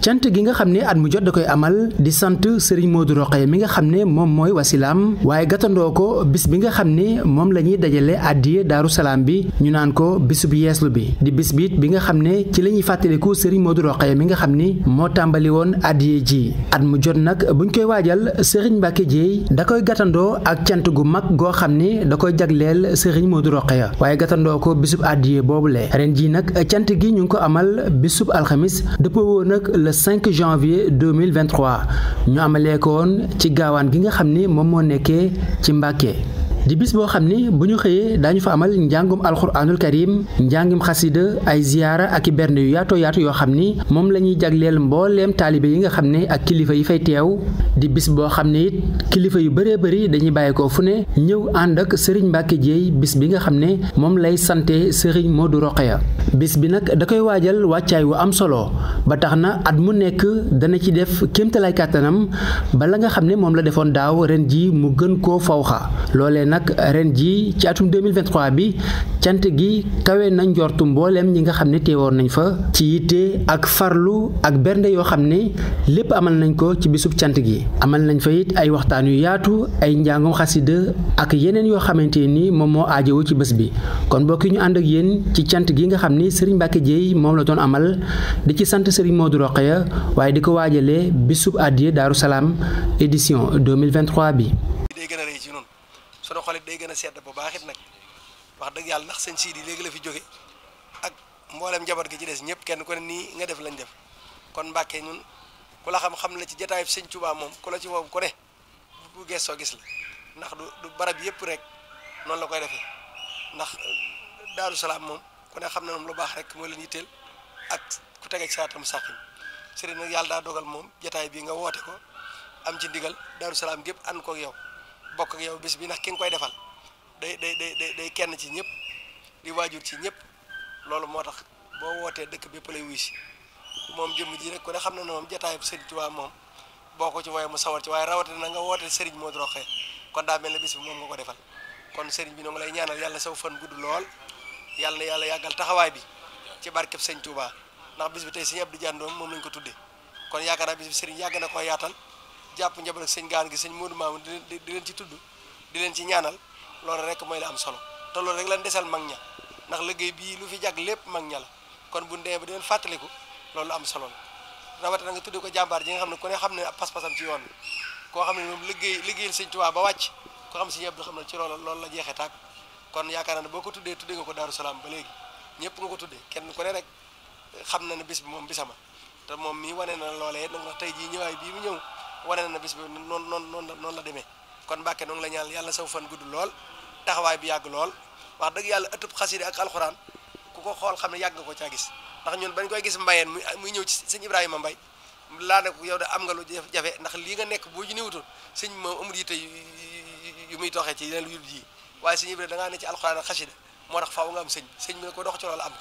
cant gi nga xam ne at mu jot da koy amal di sant Serigne Modou Rokhaya mi nga xam ne moom mooy wasilaam waaye gàttandoo ko bis bi nga xam ne moom la ñuy dajale àddiye Daaru Salaam bi ñu naan ko bisub yeeslu bi di bis biit bi nga xam ne ci la ñuy fàttaliku Serigne Modou Rokhaya mi nga xam ni moo tàmbali woon àddiye ji at mu jot nag buñ koy waajal Serigne Mbacke Dieye da koy gàttandoo ak cant gu mag goo xam ne da koy jagleel Serigne Modou waaye gàttandoo ko bisub àddiye boobule ren jii nag cant gi ñu ngi ko amal bisub alxamis dëppoo woon nag le 5 janvier 2023 ñu amalee ko woon ci gaawaan gi nga xam ni moom moo nekkee ci Mbàkke di bis boo xam ne bu ñu xëyee daañu fa amal njàngum alxuraanul karim njàngum xasida ay ziyaara ak i yu yaatoo yaatu yoo xam ni moom la ñuy jagleel mbooleem taalibe yi nga xam ne ak kilifa yi fay teew di boo xam ne kilifa yu bëree bëri dañuy bàyyi fu ne ñëw ànd ak sëriñ Mbàkke Jéey bis bi nga xam ne moom lay sante sëriñ Modou Rokhaya bis bi nag da koy waajal wàccaay wu am solo ba tax na at mu nekk dana ci def kéemtalaay kàttanam bala nga xam ne moom la defoon daaw ren ji mu gën koo fawxa loolee nag nag ren jii ci atum 2023 bi cant gi kawe nañ njortu mbooleem ñi nga xam ne teewoon nañ fa ci yitte ak farlu ak bernde yoo xam ne lépp amal nañ ko ci bisub cant gi amal nañ fa it ay waxtaan yu yaatu ay njàngum xasida ak yeneen yoo xamante ni moom moo aajowu ci bés bi kon bokk ñu ànd ak yéen ci cant gi nga xam ni Serigne Mbacke Dieye moom la doon amal di ci sant Serigne Modou Rokhaya waaye di ko waajale bisub àddiya Daaru Salaam édition 2023 bi. day gën sunu xol it day gën a sedd bu baax nag wax dëgg yàlla ndax sëñ sii di léegi la fi jóge ak mboolem njaboot gi ci des ñëpp kenn ku ne nii nga def lañ def kon Mbàkke ñun ku la xam-xam la ci jataayub sëñ Tuubaa moom ku la ci woowu ku ne gis ndax du du barab yëpp rek noonu la koy defee ndax Daaru Salaam moom ku ne xam ne moom lu baax rek moo leen yitteel ak ku tege ci saatam sàqim sëriñ nag yàlla daa dogal moom jataay bi nga woote ko am ci ndigal Daaru Salaam gépp ànd ko yow bokk ak yow bis bi ndax ki nga koy defal day day day day kenn ci ñëpp di waajur ci ñëpp loolu moo tax boo wootee dëkk bépp lay wuy si moom jëmm ji rek ku ne xam na ne moom jataayu sëriñ moom boo ko ci wooye mu sawar ci waaye rawatina na nga woote sëriñ Modou Rokhaya kon daa mel ne bis bi moom nga ko defal kon sëriñ bi noo ngi lay ñaanal yàlla saw fan gudd lool yàlla yàlla yàggal taxawaay bi ci barkeb sëñ Touba ndax bis bi tey sëñ Abdou moom lañ ko tuddee kon yaakaar naa bis sëriñ yàgg na koo yaatal jàpp njaboot ak sëñ gaan gi sëñ Modou Mamoun di di leen ci tudd di leen ci ñaanal loolu rek mooy la am solo te loolu rek lañ desal mag ña ndax liggéey bii lu fi jàgg lépp mag ña la kon bu ndee ba di leen fàttaliku loolu am solo la rawatina nga tuddee ko jàmbaar ji nga xam ne ku ne xam ne ab pas-pasam ci yoon bi koo xam ne moom liggéey liggéeyal sëñ Tuubaa ba wàcc ko xam si ñëpp xam ne ci loolu la jeexee tàkk kon yaakaar naa ne ko tuddee tuddee nga ko Daaru Salaam ba léegi ñëpp nga ko tuddee kenn ko ne rek xam na ne bis bi moom bisama te moom mii wane na loolee nag tey jii ñëwaay bii mu ñëw wane na bis bi noonu noonu noonu la demee kon Mbàkke noon la ñaan yàlla saw fan gudd lool taxawaay bi yàgg lool wax dëgg yàlla ëttub xasida ak alxuraan ku ko xool xam ne yàgg nga ko caa gis ndax ñun bañ koy gis mbayeen muy ñëw ci sëñ Ibrahima Mbay laa ne yow de am nga lu jafe ndax lii nga nekk boo ji niwutul sëñ moom amul yitte yu muy doxee ci yeneen yut waaye sëñ Ibrahima ne ci alxuraan ak moo tax faaw nga am sëñ sëñ bi ko dox ci loolu am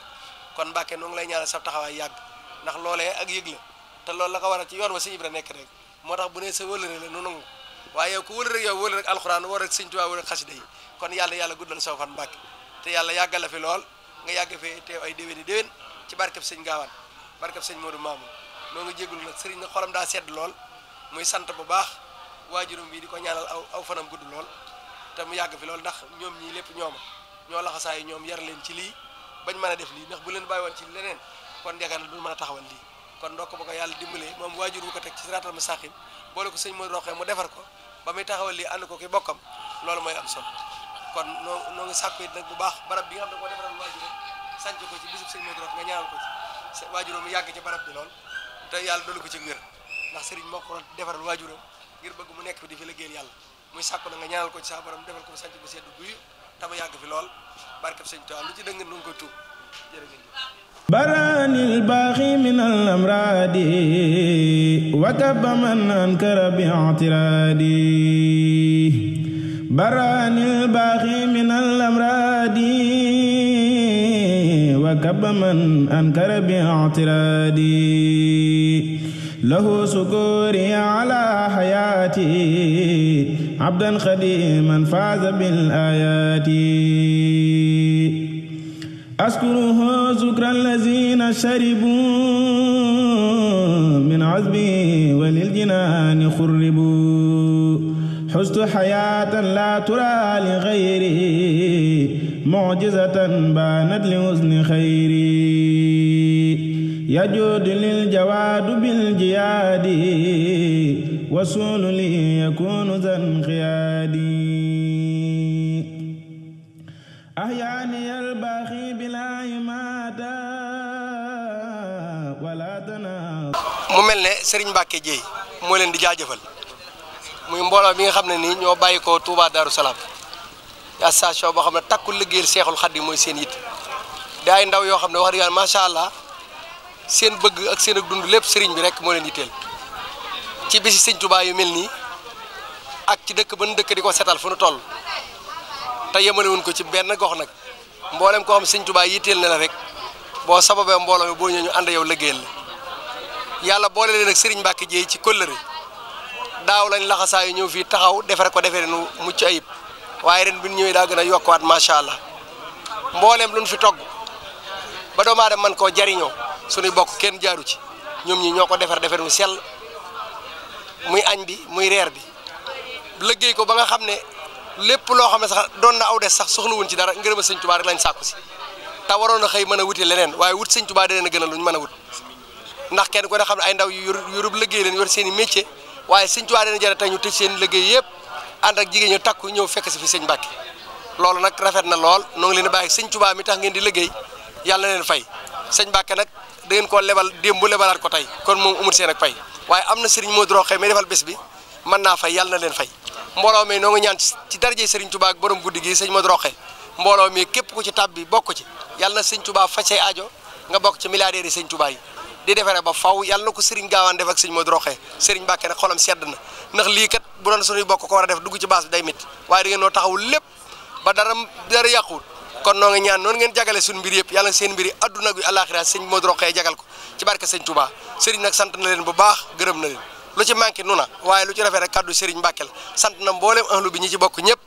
ko kon noonu lay ñaanal sa taxawaay yàgg ndax loole ak yëg la te loolu la ko waral ci yoon wa sëñ Ibrahima nekk rek moo tax bu nee sa wëlëre la nu nangu waaye ku wëlëre yow wëlëre ak alxuraan war ak sëñ Tuubaa war ak xasida yi kon yàlla yàlla guddal soo fan mbàkke te yàlla yàggal la fi lool nga yàgg fee teew ay déwéni déwén ci barkab sëñ gaawaan barkab sëñ Modou Mamoun noo ngi jégalu nag sëriñ na xolam daa sedd lool muy sant bu baax waajurum bi di ko ñaanal aw aw fanam gudd lool te mu yàgg fi lool ndax ñoom ñii lépp ñooma ñoo laxasaa yi ñoom yar leen ci lii bañ mën a def lii ndax bu leen bàyyi woon ci leneen kon yaakaar na du mën a taxawal lii kon ndokk ba ko yàlla dimbalee moom waajur wu ko teg ci siraatal mustaqim boole ko sëñ mooy roxee mu defar ko ba muy taxawal lii ànd ko ki bokkam lool mooy am solo kon noo noo ngi sàkku it bu baax barab bi nga xam ne koo defaral waajur sànc ko ci bisub sëñ mooy rox nga ñaanal ko ci waajuram mu yàgg ci barab bi lool te yàlla dolli ko ci ndax sëriñ moo ko defaral waajuram ngir bëgg mu nekk di fi liggéeyal yàlla muy sàkku na nga ñaanal ko ci sa borom defal ko sànc bu sedd guyu te mu yàgg fi lool barkeb sëñ Tuubaa lu ci dëng nu ngi ko tuub jërëjëf بران الباغي من الأمراض وكب من أنكر باعترادي بران الباغي من الأمراض وكب من أنكر باعترادي له سكوري على حياتي عبدا خديما فاز بالآيات أذكره ذكر الذين شربوا من عذبي وللجنان خربوا حزت حياة لا ترى لغيري معجزة بانت لحسن خيري يجود للجواد بالجياد وصول لي يكون ذا انقياد mu mel ne Serigne Mbacke Dieye moo leen di jaajëfal muy mbooloo bi nga xam ne nii ñoo bàyyi ko Touba Darou Salaam association boo xam ne takkul liggéeyal Seexul Xaddim mooy seen yitt di ay ndaw yoo xam ne wax dëgg yàlla macha allah seen bëgg ak seen ak dund lépp sëriñ bi rek moo leen yitteel ci bisi Serigne Touba yu mel nii ak ci dëkk ban dëkk di ko setal fu nu toll te yemale wuñ ko ci benn gox nag mboolem koo xam Serigne Touba yitteel na la rek boo sababee mbooloo mi boo ñëwee ñu ànd yow la. yàlla boole leen nag Serigne Mbacke Dieye ci kóllëre daaw lañ laxasaayu ñëw fii taxaw defar ko defee nu mucc ayib waaye ren bi ñu ñëwee daa gën a yokkuwaat macha allah mbooleem luñ fi togg ba doomu aadama man koo jariñoo suñuy bokk kenn jaaru ci ñoom ñi ñoo ko defar defar nu sell muy añ bi muy reer bi liggéey ko ba nga xam ne lépp loo xam ne sax doon na aw des sax soxlawuñ ci dara ngërëm a sëñ Tuubaa rek lañ sàkku si te waroon a xëy mën a wuti leneen waaye wut sëñ Tuubaa dina gën a luñ mën a wut ndax kenn ko ne xam ne ay ndaw yu yorub liggéey leen yor seen i métier waaye sëñ Tuubaa dana jare seen liggéey yëpp ànd ak jigéen ñu takku ñëw fekk si fi sëñ Mbàkke loolu nag rafet na lool noo ngi leen di bàyyi sëñ Tuubaa mi tax ngeen di liggéey yàlla na leen fay sëñ Mbàkke nag da ngeen koo lebal démb lebalaat ko tey kon moom amul seen ak fay waaye am na sëriñ Modou Rokhaya may defal bés bi mën naa fay yàlla leen fay mbooloo mi noo ngi ci darajey sëriñ Tuubaa borom guddi gi sëñ Modou Rokhaya mbooloo mi képp ku ci tab bi bokk ci yàlla na sëñ Tuubaa nga bokk ci milliardaires yi sëñ Tuubaa yi di defaree ba faw yàlla na ko sëriñ gaawaan def ak sëñ Modou Roxe sëriñ Mbàkke nag xolam sedd na ndax lii bu doon suñuy bokk ko war a def dugg ci baas bi day mit waaye da ngeen noo taxawul lépp ba dara dara kon noo ngi ñaan noonu ngeen jagale suñu mbir yëpp yàlla seen mbir yi adduna gi àllaaxira sëñ Modou ko ci barke sëñ Touba sëriñ nag sant leen bu baax gërëm na lu ci manqué nu na waaye lu ci rafet rek kàddu sëriñ Mbàkke sant na mboolem ahlu bi ñi ci bokk ñëpp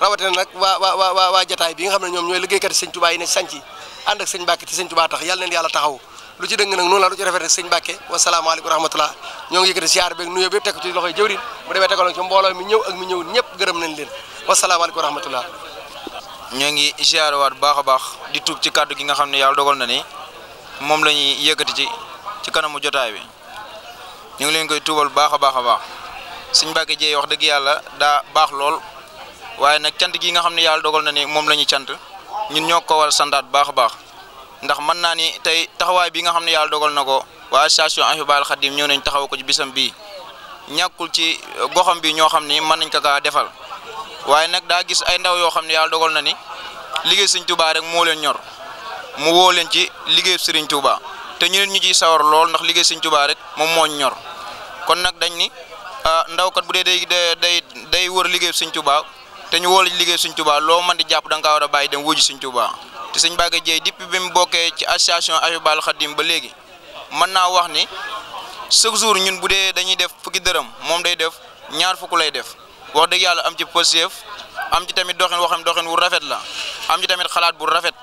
rawatina nag waa waa waa waa jataay bi nga xam ne ñoom ñooy liggéeykat sëñ Touba yi ne sanc ànd ak sëñ Mbàkke te sëñ Touba tax yàlla neen yàlla taxaw lu ci dëng nag noonu la lu ci rafet rek sëñ Mbàkke wasalaamaaleykum rahmatullah ñoo ngi yëkkati siyaar beeg nuyoo bi teg ko ci loxoy jëwrin bu demee tegaloo ci mbooloo mi ñëw ak mi ñëw ñëpp gërëm nañ leen wasalaamaaleykum rahmatullah ñoo ngi ziarewaat baax a baax di tuub ci kàddu gi nga xam ne yàlla dogal na ni moom la ñuy yëkkati ci ci kanamu jotaay bi ñu ngi leen koy tuubal baax a baax a baax sëñ Mbàkke Jéey wax dëgg yàlla daa baax lool waaye nag cant gi nga xam ne yàlla dogal na ni moom la ñuy cant ñun ñoo ko war santaat baax a baax ndax mën naa ni tey taxawaay bi nga xam ne yàlla dogal na ko waa station Ahibahil Khadim ñëw nañ taxaw ko ci bisam bii ñàkkul ci uh, goxam bi ñoo xam ni mën nañ ko kaa defal waaye nag daa gis ay ndaw yoo xam ne yàlla dogal na ni liggéey sëriñ Touba rek moo leen ñor mu woo leen ci liggéey sëriñ Touba te ñu leen ñu ciy sawar lool ndax liggéey sëriñ Touba rek moom moo ñor kon nag dañ ni uh, ndaw bu dee day day day wër liggéey sëriñ Touba te ñu woo la ci liggéey sëriñ loo mën di jàpp da nga war a bàyyi dem wuji sëriñ tubaa te sëñ Mbacke Dieye depuis bi mu bokkee ci association Ahibahil Khadim ba léegi mën naa wax ni chaque jour ñun bu dee dañuy def fukki dërëm moom day def ñaar fukk lay def wax dëgg yàlla am ci positif am ci tamit doxin waxam doxin wu rafet la am ci tamit xalaat bu rafet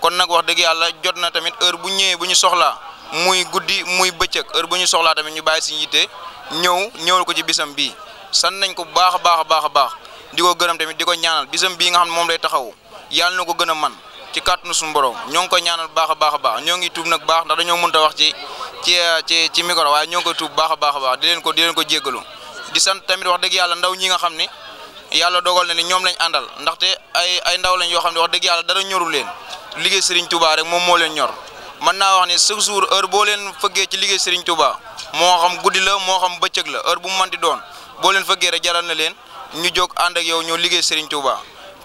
kon nag wax dëgg yàlla jot na tamit heure bu ñëwee bu ñu soxlaa muy guddi muy bëccëg heure bu ñu soxlaa tamit ñu bàyyi si njiite ñëw ñëwal ko ci bisam bi san nañ ko baax a baax a baax a baax di ko gërëm tamit di ko ñaanal bisam bii nga xam ne moom lay taxaw yàlla na ko gën a man ci kàttanu suñu borom ñoo ngi koy ñaanal baax a baax a baax ñoo ngi tuub nag baax ndax dañoo mënta wax ci ci ci ci micro waaye ñoo ngi koy tuub baax baax a baax di leen ko di leen ko jéggalu di sant tamit wax dëgg yàlla ndaw ñi nga xam ni yàlla dogal na ni ñoom lañ àndal ndaxte ay ay ndaw lañ yoo xam ne wax dëgg yàlla dara ñoru leen liggéey Serigne Touba rek moom moo leen ñor mën naa wax ni chaque jour heure boo leen fëggee ci liggéey Serigne Touba moo xam guddi la moo xam bëccëg la heure bu mu mën di doon boo leen fëggee rek jaral na leen ñu jóg ànd ak yow ñoo liggéey Serigne Touba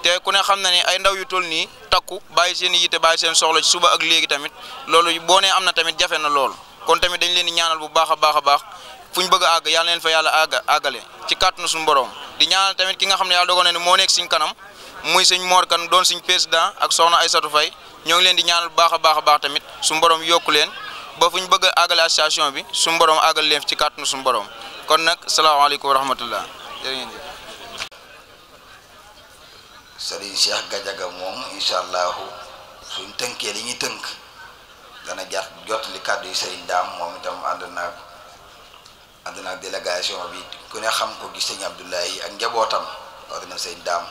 te ku ne xam na ne ay ndaw yu toll nii takku bàyyi seen i yite bàyyi seen soxla ci suba ak léegi tamit loolu boo nee am na tamit jafe na lool kon tamit dañ leen di ñaanal bu baax a baax a baax fu ñu bëgg a àgg yàlla leen fa yàlla àgg àggale ci kàttanu suñu borom di ñaanal tamit ki nga xam ne yàlla dogal na ne moo nekk suñ kanam muy suñ Mor Kane doon suñ président ak soxna Aïssatou Faye ñoo ngi leen di ñaanal bu baax a baax a baax tamit suñu borom yokku leen ba fu ñu bëgg a àggale association bi su borom àggal leen ci kàttanu suñu borom kon nag salaamaaleykum wa rahmatullah sëriñ Cheikh Gadiaga moom incha allahu suñ tënkee li ñuy tënk dana jàpp jot li kàddu yi sëriñ daam moom itam ànd naag ànd naag bi ku ne xam ko gis sëñ Abdoulaye ak njabootam rawatina sëriñ daam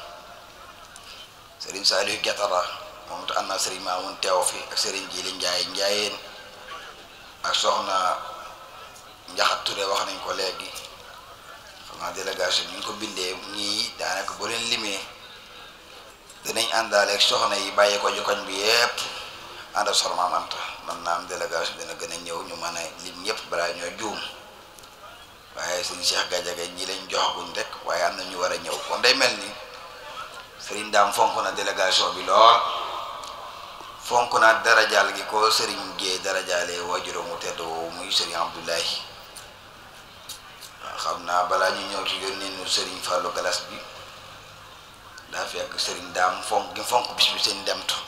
sëriñ Saliou Guettara moom itam ànd naa sëriñ Mamoun teew fi ak sëriñ Jili Ndiaye Ndiayeen ak soxna Njaxat Touré wax nañ ko léegi xam naa délégation bi ko bindee ñii daanaka bu leen limee. danañ àndaaleeg soxna yi bàyyi ko ci koñ bi yépp ànd ak soxna Maam Anta man naa am délégation dina gën a ñëw ñu man a lim ñëpp balaa ñoo juum waaye suñu Cheikh Gadiaga ñi lañ joxaguñ rek waaye am na ñu war a ñëw kon day mel ni sëriñ daam fonk na délégation bi lool fonk na darajaal gi ko sëriñ Guèye darajaale waajuram mu tedd woowu muy sëriñ Abdoulaye xam naa balaa ñu ñëw ci yónnee nu sëriñ Fallou Galas bi. daa fekk sëriñ daam fonk gi fonk bis bi seen demtu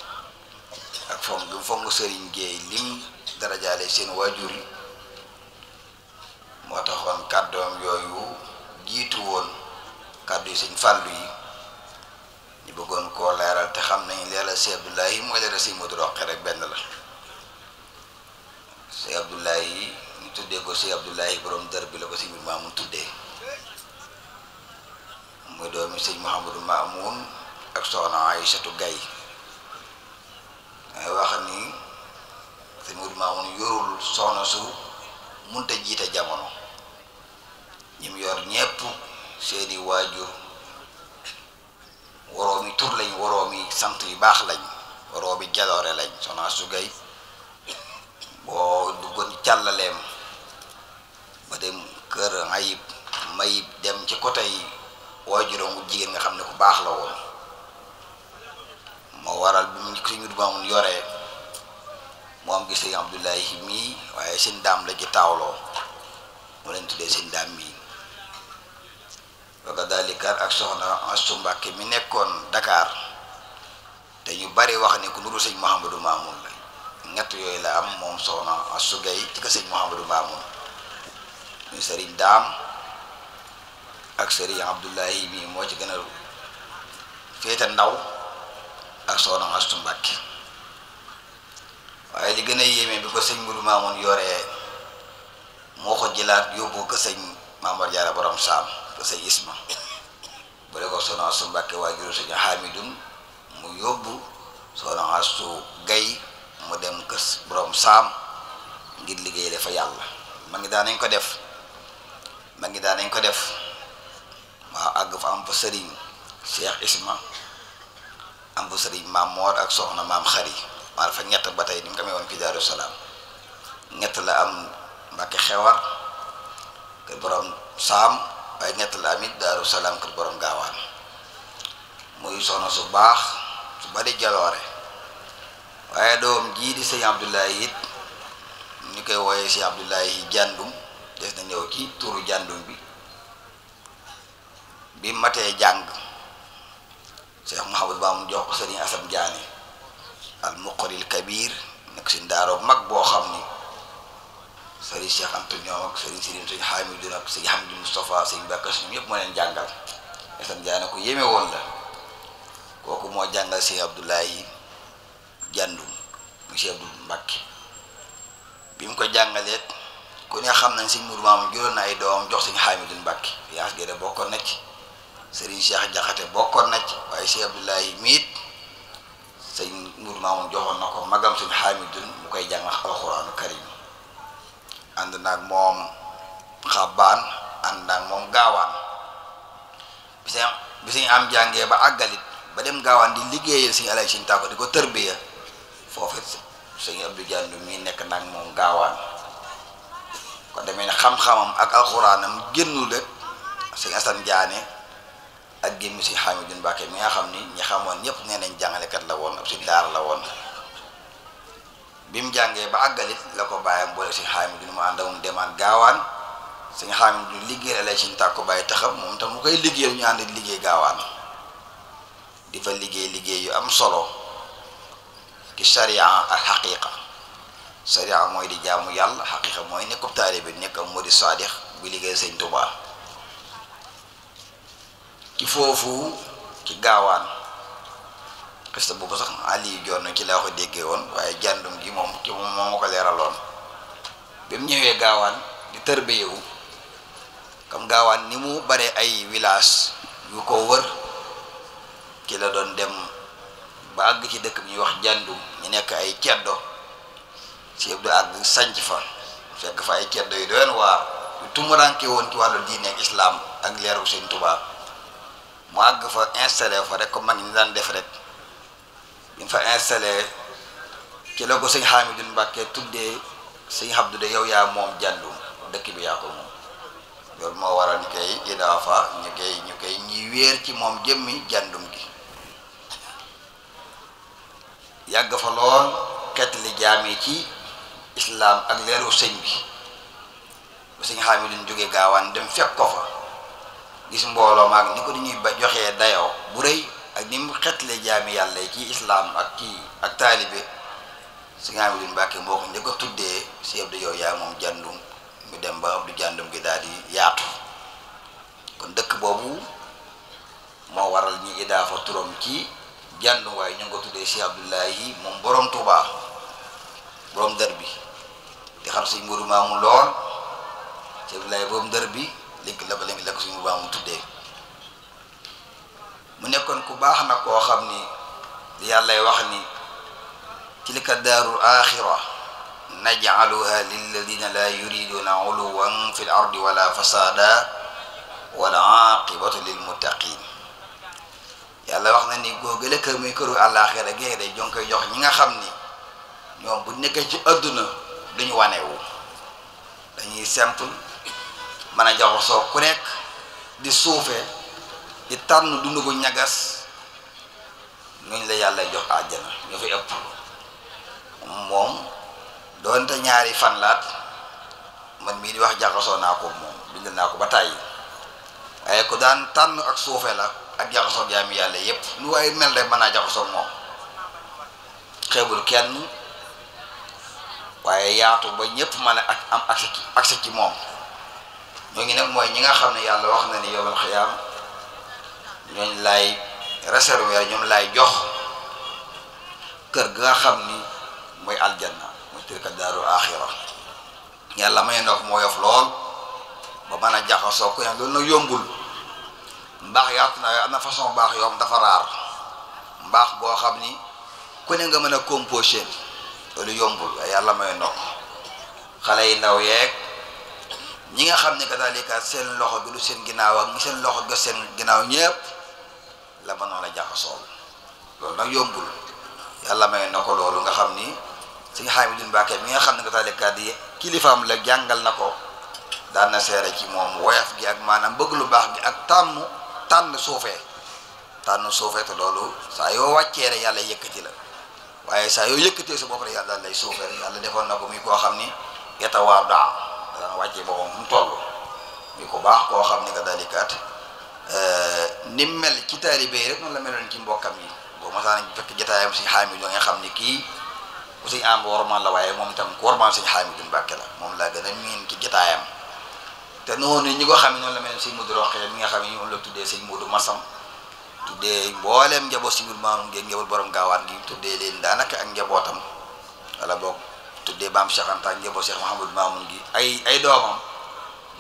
ak fonk gi fonk sëriñ géey lim darajaale seen waajur yi moo taxoon kàddoom yooyu jiitu woon kàddu yi sëñ fàllu yi ñu bëggoon koo leeral te xam nañ leeral si Abdoulaye mooy leeral si Modou Roqe rek benn la si Abdoulaye ñu tuddee ko si Abdoulaye borom dër bi la ko si biir maamu tuddee muy doomi sëñ Mouhamadou Mamoun ak soxna Aïssatou Gaye dangay wax ni sëñ Mouhamadou Mamoun yorul soxna su munta jiite jamono ñim yor ñépp seeni waajur woroomi tur lañ woroomi sant yu baax lañ woroomi jaloore lañ soxna su gay boo duggoon càllaleem ba dem kër ayib mayib dem ci côté yi waajuram juróom jigéen nga xam ne ku baax la woon moo waral bi mu si ñu mu am mii waaye seen daam la ci taawloo moo leen tuddee seen daam mii baka daalika ak soxna Astu Mbàkke mi nekkoon Dakar te ñu bari wax ne ku nuru sëñ Mouhamadou Mamoun ñett yooyu la am moom soxna Astu Gay ci ko sëñ Mouhamadou Mamoun muy sëriñ daam ak sëriñ Abdullahi mii moo ci gën a féete ndaw ak soxna Astu Mbàkke waaye li gën a yéeme bi ko sëñ Muru Maamun yoree moo ko jëlaat yóbbu ko sëñ Maamar Jaara borom saam ko sëñ Isma bu dee ko soxna Astu Mbàkke waajuru sëñ Hamidun mu yóbbu soxna Astu Gay mu dem kës borom saam ngir liggéey dafa yàlla ma ngi daan nañ ko def ma ngi daan nañ ko def ma àgg fa am fa sëriñ Cheikh Isma am fa sëriñ maam Moor ak soxna maam Xari maa fa ñett ba tey ni mu ko amee woon fii Daaru Salaam ñett la am Mbàkke Xewar kër borom Saam waaye ñett la am it Daaru Salaam kër borom Gaawaan muy soxna su baax su bari jaloore waaye doom jii di sëñ Abdoulaye it ñu koy wooyee sëñ Abdoulaye jàndum des na ñëw ci tuuru jàndum bi bi matee jàng Cheikh Mouhamadou Ba mu jox ko Serigne Assane Diané al muqaril kabir nekk si ndaaroo mag boo xam ni Serigne Cheikh Antonio ak Serigne Serigne Serigne Hamidou ak Serigne Hamdi Moustapha Serigne Bakar ñoom moo leen jàngal Assane Diané ku yéeme woon la kooku moo jàngal Serigne bi mu ko jàngaleet ku ne xam nañ Serigne Mourou Mamoune juróon na ay doom jox Serigne Hamidou Mbacke yaa ngi bokkoon na ci. sëriñ Cheikh Jaxate bokkoon na ci waaye Cheikh Abdoulaye miit sëñ Mourou Mamoun joxoon na ko magam suñ Hamidun mu koy jàng alxuraanu karim ànd naag moom xabaan ànd naag moom gaawaan bi sëñ am jàngee ba àggalit ba dem gaawaan di liggéeyal sëñ Alay sëñ Taako di ko tërbiya foofu sëñ Abdou Diallo mii nekk naag moom gaawaan kon demee ne xam-xamam ak alxuraanam génnul rek sëñ Assane Diané ak gémmi si Hamidou Mbacke mi nga xam ni ñi xamoon ñëpp nee nañ jàngalekat la woon si daara la woon bi mu jàngee ba àggalit la ko bàyyam boole si Hamidou mu ànd mu demaat gaawaan suñu du liggéeyal la si tàkku bàyyi taxam moom tam mu koy liggéeyal ñu ànd liggéey gaawaan di fa liggéey liggéey yu am solo ci sharia ak xaqiqa sharia mooy di jaamu yàlla xaqiqa mooy nekkub bi nekk am di saadix buy liggéey sëñ Tuubaa ci foofu ci gaawaan xista boobu sax ali joor na ci laa ko déggee woon waaye jàndum gi moom ci moom moo ko leeraloon bi mu ñëwee gaawaan di tërbiyewu comme gaawaan ni mu bare ay village yu ko wër ki la doon dem ba àgg ci dëkk bi ñuy wax jàndum ñu nekk ay ceddo si yëpp du àgg sanc fa fekk fa ay ceddo yu doon waar yu tumuranke woon ci wàllu diine ak islaam ak leeru seen tubaab mu àgg fa installé fa rek comme mag ñi daan def rek ñu fa installé ci la ko sëñ Hamidou Mbacke tuddee sëñ Abdou de yow yaa moom jàllu dëkk bi yaa ko moom loolu moo waral ñu koy idaafa ñu koy ñu ci moom jëmmi jàndum gi yàgg fa lool xet li jaami ci islaam ak leeru sëñ bi bu sëñ Hamidou jógee gaawaan dem fekk ko fa gis mbooloo maag ni ko di ba joxee dayoo bu rëy ak ni mu xetle jaami yàlla yi ci islaam ak ci ak taalibe si nga am lu Mbàkke moo ko njëkk tuddee si Abdou yow yaa moom jàndum mu dem ba Abdou jàndum gi yaatu kon dëkk boobu moo waral ñi idaafa turam ci jàndum ñu ngi ko tuddee si Abdoulahi moom borom Tuubaa borom dër bi di xam si mbiru maamu lool si Abdoulahi borom dër bi lañ ko la lañ ko suñu baamu tuddee mu nekkoon ku baax nag koo xam ni yàllay wax ni tilka daarul axira najcaluha lilladina laa yuriduna uluwan fi l ardi wala fasada wala aqibatu yàlla wax na ni góogale kër muy këru gee day jongi jox ñi nga xam ni ñoom bu nekkee ci adduna duñu wanewu dañuy simple mën a jaxasoo ku nekk di suufee di tànn dund gu ñagas ñooñu la yàlla jox àjjana ñu fi ëpp moom doonte ñaari fan laat man mii di wax jaxasoo naa ko moom bind naa ko ba tàyyi waaye ku daan tànn ak suufee la ak jaxasoo jaami yàlla yépp nu waaye mel rek mën naa jaxasoo moom xeebul kenn waaye yaatu ba ñépp mën ak am accès ci moom ñooñu nag mooy ñi nga xam ne yàlla wax na ni yowal xiyaam ñooñ lay réserver ñoom laay jox kër ga xam ni mooy aljanna mooy tilka daaru axira yàlla may ndox moo yof lool ba mën a jaxasoo ku yam loolu nag yombul mbaax yaatu na am na façon baax yoom dafa raar mbaax boo xam ni ku ne nga mën a composé loolu yombul yàlla may ndox xale yi ndaw yeeg ñi nga xam ne kadaalika seen loxo bi du seen ginnaaw ak seen loxo ga seen ginnaaw ñëpp la mënoon a jaxasoo loolu nag yombul yàlla may na ko loolu nga xam ni suñu Xamidu Mbàkke mi nga xam ne kadaalika di kilifaam la jàngal na ko daan na seere ci moom woyof gi ak maanaam bëgg lu baax gi ak tànn tànn suufee tànn suufee te loolu saa yoo wàccee yàlla yëkkati la waaye saa yoo yëkkatee sa bopp rek yàlla daal lay suufee yàlla defoon na ko muy koo xam ni yatawaar daa dana wàcce boppam fu mu toll ñu ko baax koo xam ne que dalikaat eh, ni mu mel ci taalibe yi rek noonu la meloon ci mbokkam yi boo masaan fekk jotaayam si xaamil doo nga xam ne kii ku si am wormaal la waaye moom itam ku wormaal si xaamil Mbàkke la moom laa gën a miin ci jotaayam te noonu ñi ko xam ne noonu la meloon si Modou Rokhaya mi nga xam ne moom la tuddee sëñ Modou Massam tuddee mbooleem njaboot si biir maam ngeen njaboot borom gaawaan gi tuddee leen daanaka ak njabootam wala boog. tuddee Maam Cheikh Anta ak njabootu Cheikh Mouhamadou ay ay doomam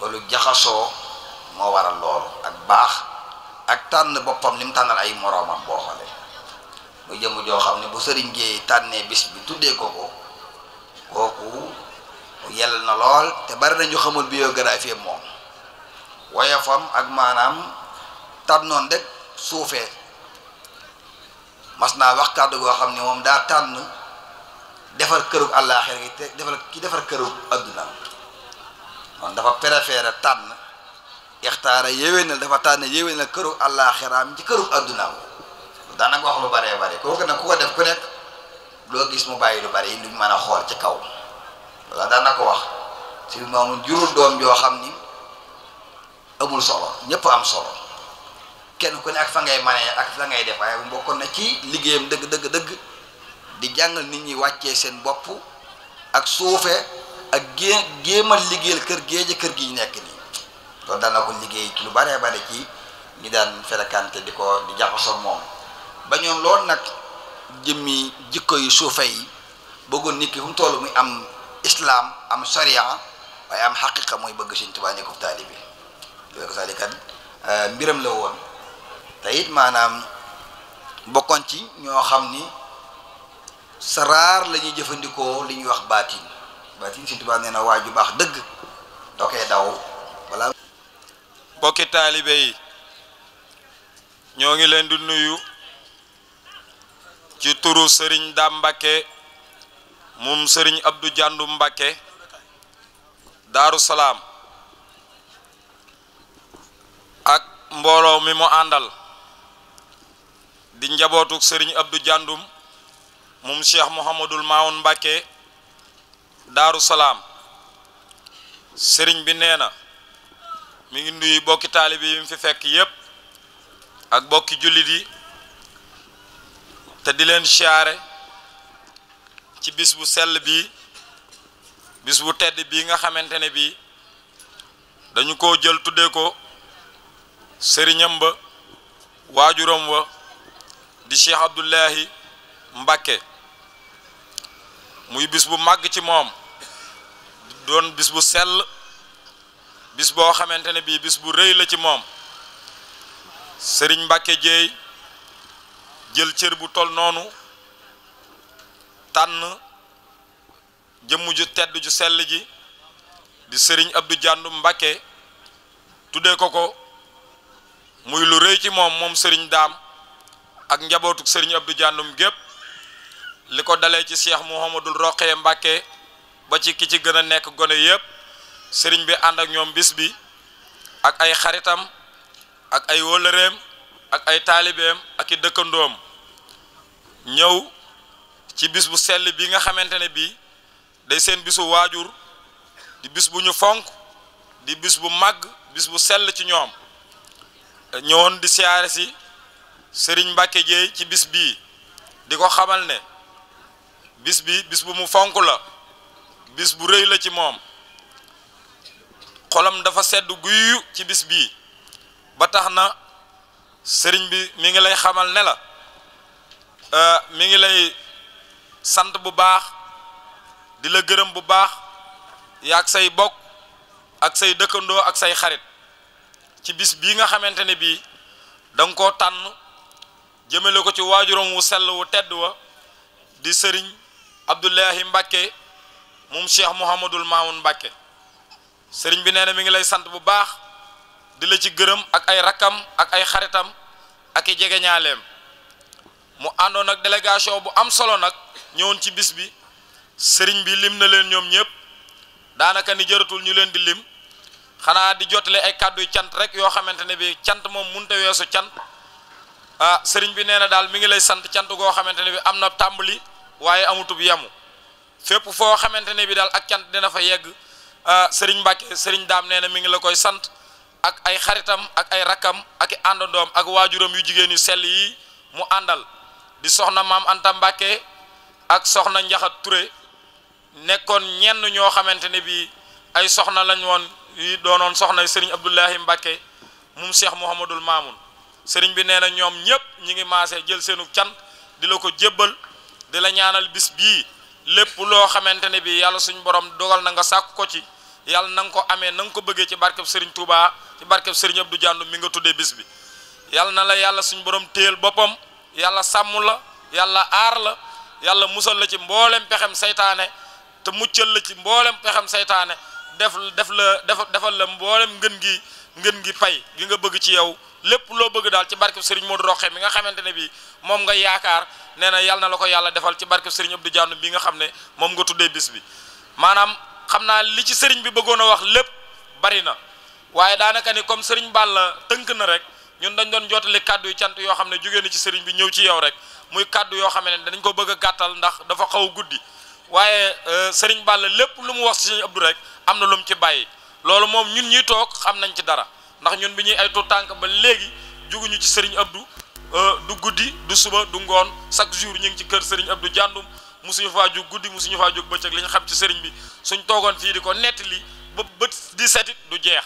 loolu jaxasoo moo waral loolu ak baax ak tànn boppam li mu tànnal ay moroomam boo xoolee muy jëm joo xam ne bu sëriñ Jéey tànnee bis bi tuddee ko ko kooku yell na lool te bari nañu xamul biographie moom woyofam ak maanaam tànnoon rek suufee mas naa wax kàddu goo xam ne moom daa tànn defar këru àllaaxira gi te defar ki defar kërug adduna kon dafa préféré tànn ixtaara yéwénal dafa tànn yéwénal kërug àllaaxiraam ci kërug addunaam daanaka wax lu baree bare kooku ku ko def ku loo gis mu bàyyi lu bare yi mën a xool ci kaw walla daana ko wax si moom jurul doom xam ni amul solo ñëpp am solo kenn ku ne ak fa ngay ak fa def waaye bokkoon na ci liggéeyam dëgg dëgg dëgg di jàngal nit ñi wàccee seen bopp ak suufe ak gée géemal liggéeyal kër géeje kër gi ñu nekk nii loolu daan liggéey ci lu baree bare ci ñi daan ferekante di ko di jaxasoo moom ba lool nag jëmmi jikko yu suufe yi bëggoon nit ki fu mu toll muy am islaam am sharia waaye am xaqiqa mooy bëgg Sëñ Tuubaa nekkof taalibe loolu ko saalikat euh, mbiram la woon te maanaam bokkoon ci ñoo xam ni sa raar la ñuy jëfandikoo li ñuy wax baatin baatin si tubaab nee na waa ju baax dëgg da daw wala bokki yi ñoo ngi leen di nuyu ci turu sëriñ Dame Mbacké moom sëriñ Abdou Diandou Mbacké Daaru Salaam ak mbooloo mi mu àndal di njabootuk sëriñ Abdou jàndum moom cheikh mouhamadul maawun mbàkke daaru salaam sëriñ bi nee na mi ngi nuyu bokki taalibe yi mu fi fekk yépp ak bokki jullit yi te di leen siyaare ci bis bu sell bi bis bu tedd bii nga xamante ne bii dañu ko jël tuddee ko sëriñam ba waajuram wa di cheikh abdullahi Mbàkke muy bis bu màgg ci moom doon bis bu sell bis boo xamante ne bii bis bu rëy la ci moom sëriñ Mbàkke Jéey jël cër bu tol noonu tànn jëmm ju tedd ju sell ji di sëriñ Abdou Diandoum Mbàkke tuddee ko ko muy lu rëy ci moom moom sëriñ daam ak njabootuk sëriñ Abdou Diandoum gépp li ko dalee ci Cheikh Mouhamadul Roqee Mbàkke ba ci ki ci gën a nekk gone yëpp sëriñ bi ànd ak ñoom bis bi ak ay xaritam ak ay wëllëreem ak ay taalibeem ak i dëkkandoom ñëw ci bis bu sell bi nga xamante ne bii day seen bisu waajur di bis bu ñu fonk di bis bu màgg bis bu sell ci ñoom ñëwoon di siyaare si sëriñ Mbàkke Jéey ci bis bii di ko xamal ne bis bi bis bu mu fonk la bis bu rëy la ci moom xolam dafa sedd guyu ci bis bii ba tax na sëriñ bi mi ngi lay xamal ne la euh, mi ngi lay sant bu baax di la gërëm bu baax yaag say bokk ak say dëkkandoo ak say xarit ci bis bi nga xamante ne bii da koo tànn jëme jëmale ko ci waajuram wu sell wu tedd wa di sëriñ Abdullahi Mbacke moom Cheikh Mouhamadul Mamoun Mbacke sëriñ bi nee na mi ngi lay sant bu baax di la ci gërëm ak ay rakkam ak ay xaritam ak i jegeñaaleem mu àndoon ak délégation bu am solo nag ñëwoon ci bis bi sëriñ bi lim na leen ñoom ñëpp daanaka ni jëratul ñu leen di lim xanaa di jotale ay kàddu cant rek yoo xamante ne bi cant moom munta weesu cant ah sëriñ bi nee na daal mi ngi lay sant cant goo xamante ne bi am na tàmbali. waaye amutub yamu fépp foo xamante ne bi daal ak cant dina fa yegg ah, sëriñ Mbàkke sëriñ daam nee na mi ngi la koy sant ak ay xaritam ak ay rakkam ak i àndandoom ak waajuram yu jigéen yu sell yi mu àndal di soxna maam Anta Mbàkke ak soxna Njaxat Ture nekkoon ñenn ñoo xamante ne bi ay soxna lañ woon yi doonoon soxna sëriñ Abdullahi Mbàkke moom Cheikh Mouhamadul Maamun sëriñ bi nee na ñoom ñëpp ñu ngi maase jël seenu can di la ko jébbal di la ñaanal bis bii lépp loo xamante ne bi yàlla suñ borom dogal na nga sàkk ko ci yàlla na nga ko amee na nga ko bëggee ci barkeb Serigne Touba ci barkeb Serigne Abdou Diagne mi nga tuddee bis bi yàlla na la yàlla suñ borom téel boppam yàlla sàmm la yàlla aar la yàlla musal la ci mbooleem pexem saytaane te muccal la ci mboolem pexem saytaane def def la def defal la mbooleem ngën gi ngën ngi pay gi nga bëgg ci yow lépp loo bëgg daal ci barkeb sëriñ moo Roxe mi nga xamante ne bii moom nga yaakaar nee na yàlla na la ko yàlla defal ci barkeb sëriñ Abdou Diagne bi nga xam ne moom nga tuddee bis bi maanaam xam naa li ci sëriñ bi bëggoon a wax lépp bari na waaye daanaka ni comme sëriñ la tënk na rek ñun dañ doon jootali kàddu yu cant yoo xam ne jógee na ci sëriñ bi ñëw ci yow rek muy kàddu yoo xam ne dañ koo bëgg a gàttal ndax dafa xaw a guddi waaye euh, sëriñ Balla lépp lu mu wax ci sëriñ Abdou rek am na lu mu ci bàyyi loolu moom ñun ñuy toog xam nañ ci dara ndax ñun bi ñuy ay tu tànk ba léegi jóguñu ci sëriñ Abdou du euh, du guddi du suba du ngoon chaque jour ñu ngi ci kër sëriñ Abdou jàndum musuñu faa jóg guddi musuñu faa jóg bëccëg li ñu xam ci sëriñ bi suñ toogoon fii di ko nettali ba bët di setit du jeex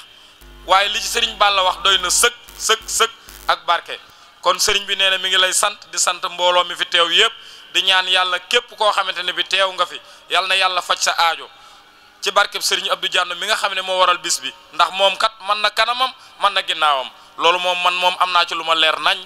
waaye li ci sëriñ la wax doy na sëkk sëkk sëkk ak barke kon sëriñ bi nee na mi ngi lay sant di sant mbooloo mi fi teew yépp di ñaan yàlla képp koo xamante ne bi teew nga fi yàlla na yàlla faj sa aajo ci barkeb sëriñ Abdou Diallo mi nga xam ne moo waral bis bi ndax moom kat man na kanamam man na ginnaawam loolu moom man moom am naa ci lu ma leer nañ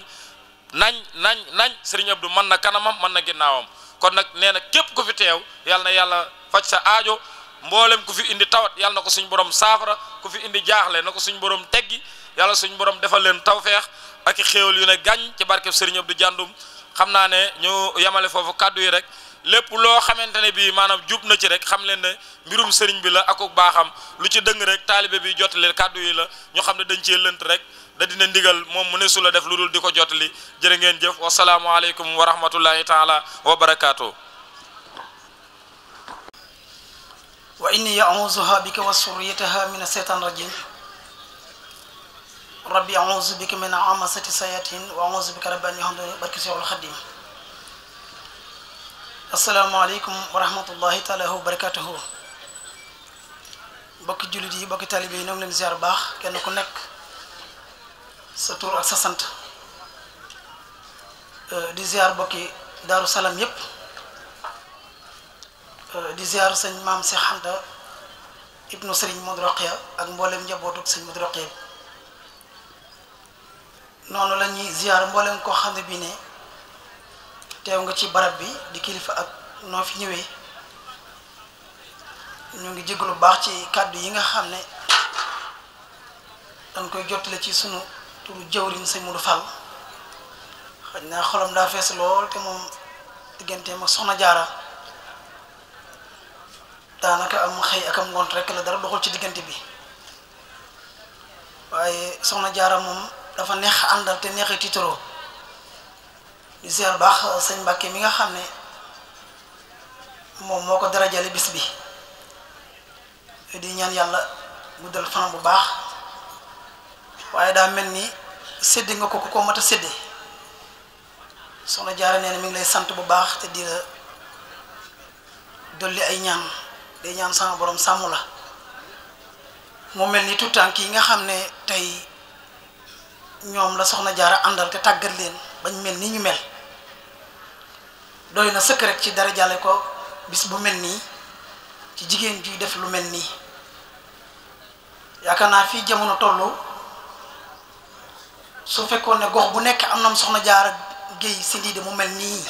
nañ nañ nañ sëriñ Abdou man na kanamam man na ginnaawam kon nag nee na képp ku fi teew yàlla na yàlla faj sa aajo mboolem ku fi indi tawat yàlla na ko suñ borom saafara ku fi indi jaaxle na ko suñ borom teggi yàlla suñ borom defal leen tawfeex ak xéewal yu ne gàññ ci barkeb sëriñ Abdou Diandoum xam naa ne ñu yemale foofu kàddu yi rek. lépp loo xamante ne bii maanaam jub na ci rek xam leen ne mbirum sëriñ bi la akuk baaxam lu ci dëng rek taalibe bi jottali kàddu yi la ñu xam ne dañ cee lënt rek da dina ndigal moom mu ne su def lu dul di ko jottali jërë ngeen jëf wasalaamualeykum wa rahmatullahi taala wa barakaatu. wa inni auzuha bika wa surriyataha min aseytaan rajim rabbi auzu bika min amasati sayatin wa auzu bika rabbi an yahdurun barki seexul xadim asalaamaaleykum wa rahmatullahi taala wa barakatuhu bokki jullit yi bokki talibe yi ñoo baax kenn ku nekk sa tur ak sa sant euh, di ziar bokki daaru salaam euh, di ziar sëñ maam Cheikh Anta ibnu sëriñ Modou Rokhaya ak mboolem njabootu sëñ Modou noonu la ñuy ziar ko xam ne bii ne teew nga ci barab bi di kilifa ak noo fi ñëwee ñu ngi lu baax ci kàddu yi nga xam ne dañ koy jottale ci sunu turu jëwriñ sëñ Modou Fall xaj naa xolom daa fees lool te moom digganteem ak soxna jaara daanaka am xëy ak am ngont rek la dara doxul ci diggante bi waaye soxna jaara moom dafa neex àndal te neex a tiitaroo di ziar baax euh, sëñ Mbàkke mi nga xam ne moom moo ko dara darajale bis bi di ñaan yàlla guddal fanam bu baax waaye daa mel ni séddi nga ko ku ko mat a sédde soxna jaara nee na mi ngi lay sant bu baax te di la dolli ay ñaan day ñaan sama borom sàmm la mu mel ni tout temps yi nga xam ne tey ñoom la soxna jaara àndal te tàggat leen bañ mel ni ñu mel doy na sëkk rek ci dara jàlle ko bis bu mel nii ci jigéen juy def lu mel nii yaakaar naa fii jamono tollu su fekkoon ne gox bu nekk am na soxna jaar jaara géey si ndiide mu mel nii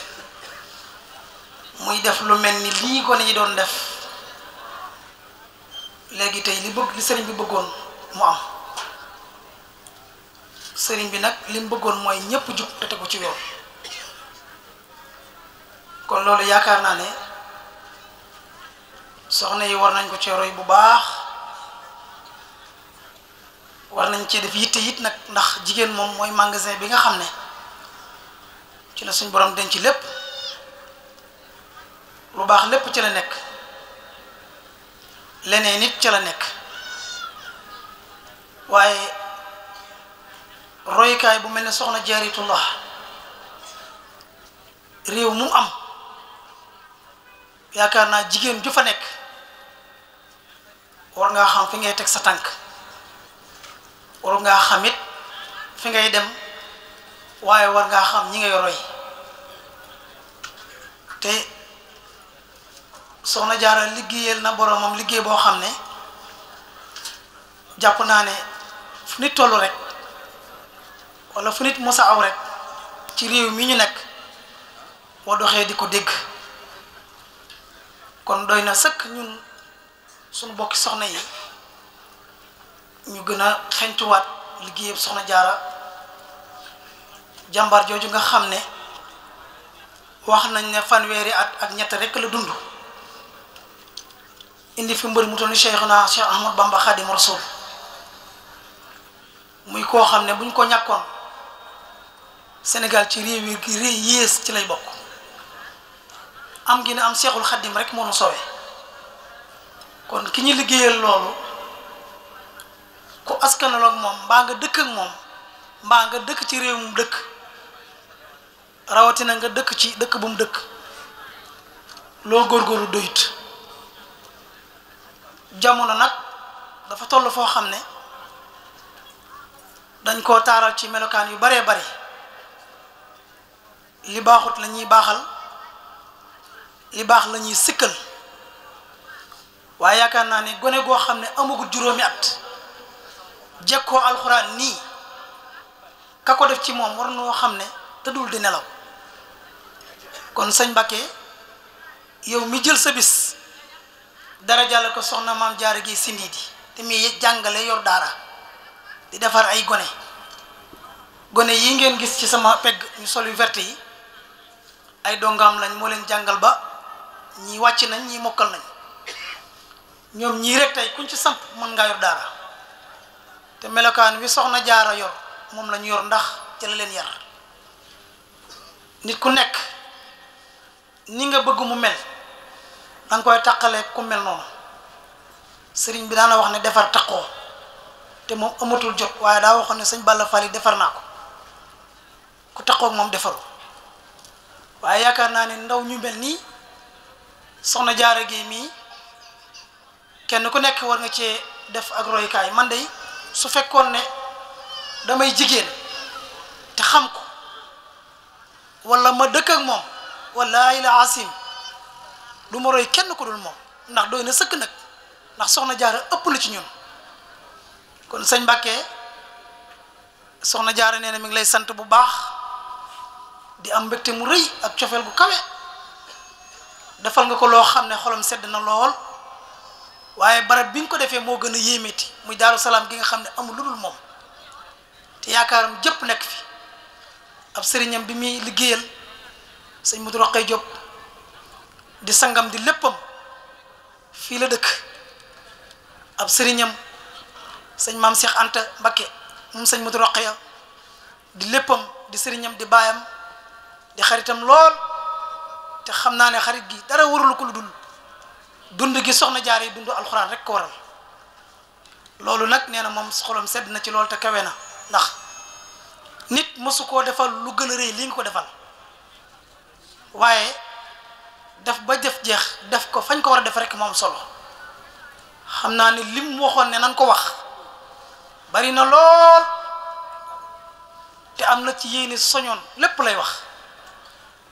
muy def lu mel ni lii gone yi doon def léegi tey li bëgg li sëriñ bi bëggoon mu am sëriñ bi nag li bëggoon mooy ñépp jub te tegu ci yoon kon loolu yaakaar naa ne soxna yi war nañ ko ci yi bu baax war nañ ci def yitte yit nag ndax jigéen moom mooy magasin bi nga xam ne ci la suñ borom denc lépp lu baax lépp ci la nekk leneen it ci la nekk waaye roykaay bu mel ne soxna jaaritullah réew mu am yaakaar naa jigéen ju fa nekk war ngaa xam fi ngay teg sa tànk war ngaa xam it fi ngay dem waaye war ngaa xam ñi ngay roy te soxna jaara liggéeyal na boromam liggéey boo xam ne jàpp naa ne fu nit tollu rek wala fu nit sa aw rek ci réew mi ñu nekk boo doxee di ko dégg kon doy na sëkk ñun suñu bokki soxna yi ñu gën a xentuwaat liggéeyam soxna jaara jàmbaar jooju nga xam ne wax nañ ne fanweeri at ak ñett rek la dund indi fi mbër mu toll ni Cheikhuna Cheikh Ahmad Bamba Khadim Rasoul muy koo xam ne buñ ko ñàkkoon Sénégal ci réew yi réew yées ci lay bokk am gi ne am seexul xaddim rekk moo nu sowe kon ki ñu liggéeyal loolu ku askanaloog moom mbaa nga dëkk moom mbaa nga dëkk ci réew mu dëkk rawatina nga dëkk ci dëkk bu mu dëkk loo góorgóorlu doyut jamono nag dafa toll foo xam ne dañ koo taaral ci melokaan yu baree bari li baaxut lañuy baaxal li baax la ñuy sikkal waaye yaakaar naa ni gone goo xam ne amagul juróomi at jekkoo alxuraan nii ka ko def ci moom war noo xam ne tëddul di nelaw kon sëñ Mbàkke yow mi jël sa bis dara jàll ko soxna maam jaara gi sindi di te mi jàngale yor daara di defar ay gone gone yi ngeen gis ci sama pegg ñu sol yu verte yi ay dongaam lañ moo leen jàngal ba ñi wàcc nañ ñii mokkal nañ ñoom ñii rek tey kuñ ci samp mën ngaa yor daara te melokaan wi soxna jaara yor moom la ñu yor ndax ci leen yar nit ku nekk ni nga bëgg mu mel danga koy taqale ku mel noonu sëriñ bi daana wax ne defar taqoo te moom amatul jot waaye daa waxoon ne sëñ Balla Fall defar naa ko ku taqoo moom defaru waaye yaakaar naa ne ndaw ñu mel nii soxna jaara gi mii kenn ku nekk war nga cee def ak roykaay man de su fekkoon ne damay jigéen te xam ko wala ma dëkk ak moom wallaahi la asim du roy kenn ku dul moom ndax doy na sëkk nag ndax soxna jaara ëpp na ci ñun kon sëñ Mbàkke soxna jaara nee na mi ngi lay sant bu baax di am mbégte mu rëy ak cofeel gu kawe defal nga ko loo xam ne xolam sedd na lool waaye barab bi nga ko defee moo gën a yéemeeti muy daaru salaam gi nga xam ne amul lu dul moom te yaakaaram jëpp nekk fi ab sëriñam bi muy liggéeyal sëñ Modou Rokhaya Diop di sangam di léppam fii la dëkk ab sëriñam sëñ maam Cheikh Anta Mbakke moom sëñ Modou di léppam di sëriñam di baayam di xaritam lool te xam naa ne xarit gi dara warul ko lu dul dund gi soxna jaar yi dund alxuraan rek ko waral loolu nag nee na moom xolam sedd na ci lool te kawe na ndax nit mësu koo defal lu gën a rëy li nga ko defal waaye def ba def jeex def ko fañ ko war a def rekk moom solo xam naa ne lim waxoon ne nan ko wax bari na lool te am na ci yéene soñoon lépp lay wax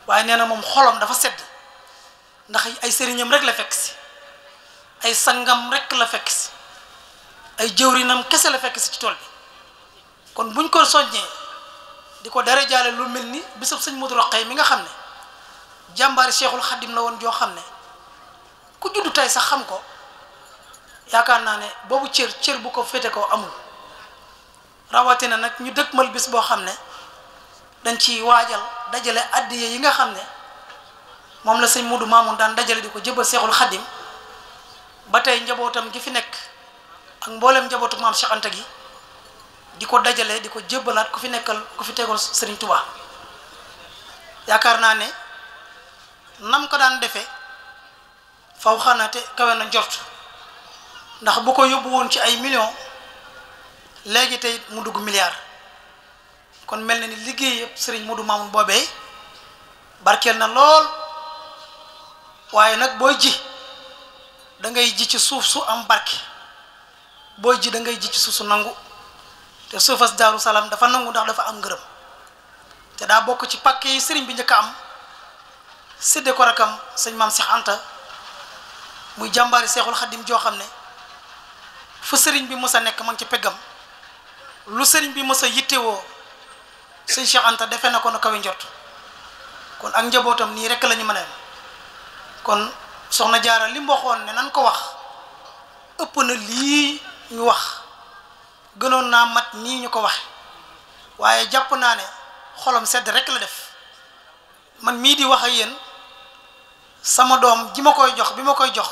waaye nee na moom xolam dafa sedd ndax ay sëriñam rek la fekk si ay sangam rek la fekk si ay jëwrinam kese la fekk si ci tool bi kon buñ ko soññee di ko dara jaale lu mel ni bisab sëñ Modou Rokhaya mi nga xam ne jàmbaari Cheikhul Khadim la woon joo xam ne ku juddu tey sax xam ko yaakaar naa ne boobu cër cër bu ko féete koo amul rawatina nag ñu mal bis boo xam ne dañ ciy waajal dajale addiye yi nga xam ne moom la sëñ Mudu Maamun daan dajale di ko jëbal Seexul Xadim ba tey njabootam gi fi nekk ak mboolem njabootu maam Cheikh gi di ko dajale di ko jëbbalaat ku fi nekkal ku fi tegal Sëriñ Tuubaa yaakaar naa ne nam ko daan defee faw te kawe na njort ndax bu ko yóbbu woon ci ay millions léegi tey mu dugg milliard kon mel na ni liggéey yëpp sëriñ Modou Mamoun boobee barkeel na lool waaye nag booy ji dangay ji ci suuf su am barke booy ji dangay ji ci suuf su nangu te suufas Daaru Salaam dafa nangu ndax dafa am ngërëm te daa bokk ci pàkk yi sëriñ bi njëkk am sédde ko rakam sëñ maam si Anta muy jàmbaari seexul xaddim joo xam ne fu sëriñ bi mës a nekk ma ngi ci peggam lu sëriñ bi mësa a yittewoo sëñ Cheikh Anta defee na ko na kawe njort kon ak njabootam nii rek lañu ñu mën a soxna Jaara li mu ne nan ko wax ëpp na lii ñu wax gënoon naa mat nii ñu ko waxe waaye jàpp naa ne xolam sedd rek la def man mii di wax a yéen sama doom ji ma koy jox bi ma koy jox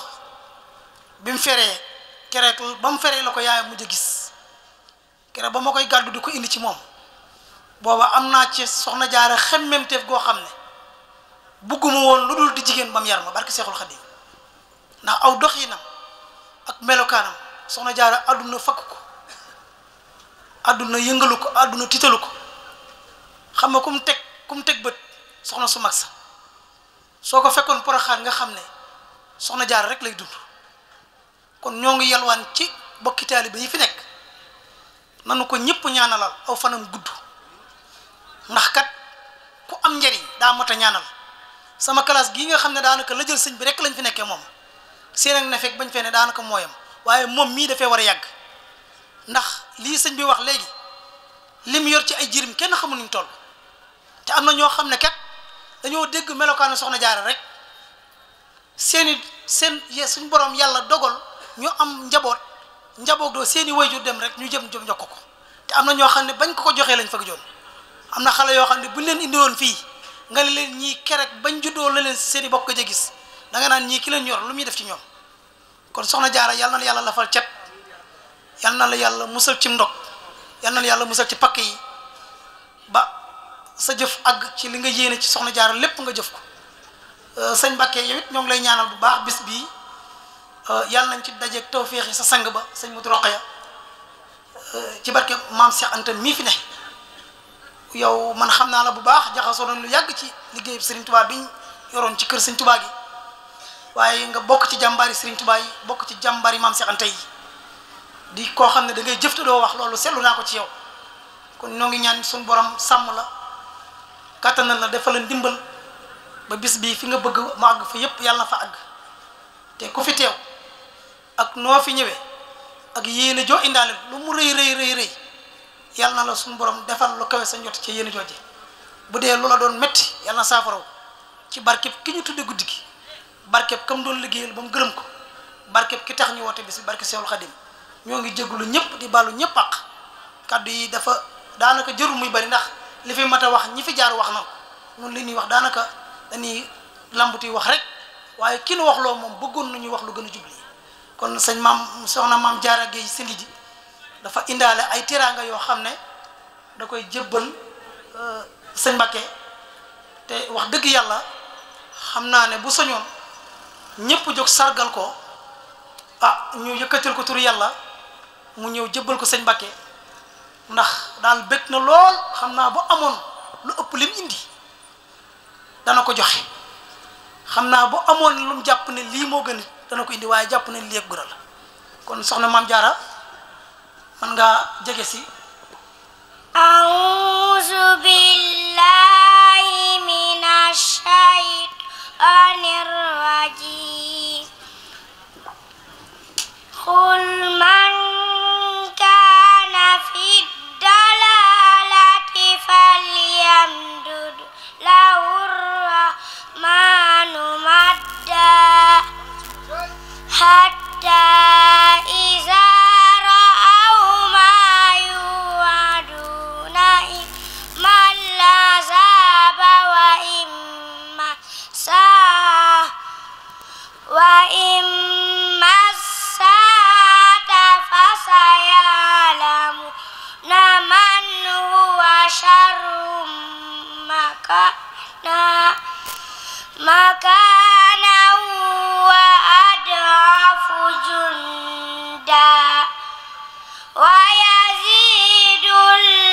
bi mu feree kereek ba mu feree la ko yaay mujj a gis kere ba ma koy gàddu di ko indi ci moom booba am naa ci soxna jaara xemmemteef goo xam ne bugguma woon lu dul di jigéen ba mu yar ma barke seexul xadim ndax aw doxinam ak melokaanam soxna jaara àdduna fakk ko àdduna yëngalu ko àdduna tiitalu ko xam nga ku mu teg ku mu teg bët soxna su mag soo ko fekkoon poroxaan nga xam ne soxna jaar rek lay dund kon ñoo ngi yalwaan ci bokki taalibe yi fi nekk nanu ko ñëpp ñaanalal aw fanam gudd ndax kat ku am njariñ daa mot a sama classe gii nga xam ne daanaka la jël sëñ bi rek lañ fi nekkee moom seen ak na fekk bañ fee ne daanaka mooyam waaye moom mii dafay war a yàgg ndax lii sëñ bi wax léegi lim yor ci ay jirim kenn xamul ni mu te am na ñoo xam ne kat dañoo dégg melokaanu soxna jaara rek seeni seen suñ borom yàlla dogal ñu am njaboot njaboot seeni wayjur dem rek ñu jëm jëm jokk ko te am na ñoo xam ne bañ ko ko joxee lañ fa joon am na xale yoo xam ne bu ñu leen indiwoon fii nga leen ñii kerek bañ juddoo la leen seeni bokk ja gis danga nga naan ñii ki leen yor lu muy def ci ñoom kon soxna jaara yal na la yàlla lafal cet yal na la yàlla musal ci ndog yal na la yàlla ci pakk yi ba sa jëf àgg ci li nga yéene ci soxna jaara lépp nga jëf ko euh, sëñ Mbàkke yow it ñoo ngi lay ñaanal bu baax bis bii euh, yàlla nañ ci dajeeg tawféex yi sa sang ba sëñ Mudu ya euh, ci barke maam Cheikh Anta mii fi ne yow man xam naa la bu baax jaxasoo nañ lu yàgg ci liggéey Serigne Touba biñ yoroon ci kër Serigne Touba gi waaye nga bokk ci jàmbaari Serigne Touba yi bokk ci jàmbaari maam Cheikh Anta yi di koo xam ne dangay ngay jëf te doo wax loolu selu naa ko ci yow kon ñoo ngi ñaan suñ borom sàmm la kattanal la defal la ndimbal ba bis bii fi nga bëgg mu àgg fa yépp yàlla na fa àgg te ku fi teew ak noo fi ñëwee ak yéene joo indaale lu mu rëy rëy rëy rëy. yal na la suñu borom defal lu kawe sa njot ci yéen jooje bu dee lu la doon métti yal na saafaraw ci barkeb ki ñu tudde guddi gi barkeb kam doon liggéeyal ba mu gërëm ko barkeb ki tax ñu woote bis bi barke Seexul Xadim ñoo ngi jégalu ñëpp di baalu ñëpp àq kaddu yi dafa daanaka jërul muy bari ndax li fi mat a wax ñi fi jaar wax na ko ñun li ñuy wax daanaka dañuy lambuti wax rek waaye ki nu wax loo moom bëggoon nañuy wax lu gën a jubli kon sëñ maam soxna maam jaara géej sindi ji dafa indaale ay teraanga yoo xam ne da koy jëbbal euh, sëñ Mbakke te wax dëgg yàlla xam naa ne bu soñoon ñépp jóg sargal ko ah ñu yëkkatil ko tur yàlla mu ñëw jébbal ko sëñ Mbakke ndax daal bëgg na lool xam naa bu amoon lu ëpp lim indi dana ko joxe xam naa bu amoon lu mu jàpp ne lii moo gën dana ko indi waaye jàpp ne lii yëg la kon soxna maam Jaara mën nga jege si أعوذ بالله من الشيطان الرجيم قل من كان في الضلالة فليمدد له الرحمن مدا حتى وإما الساعة فسيعلمون من هو شر مكانا مكانا وأضعف جندا ويزيد الله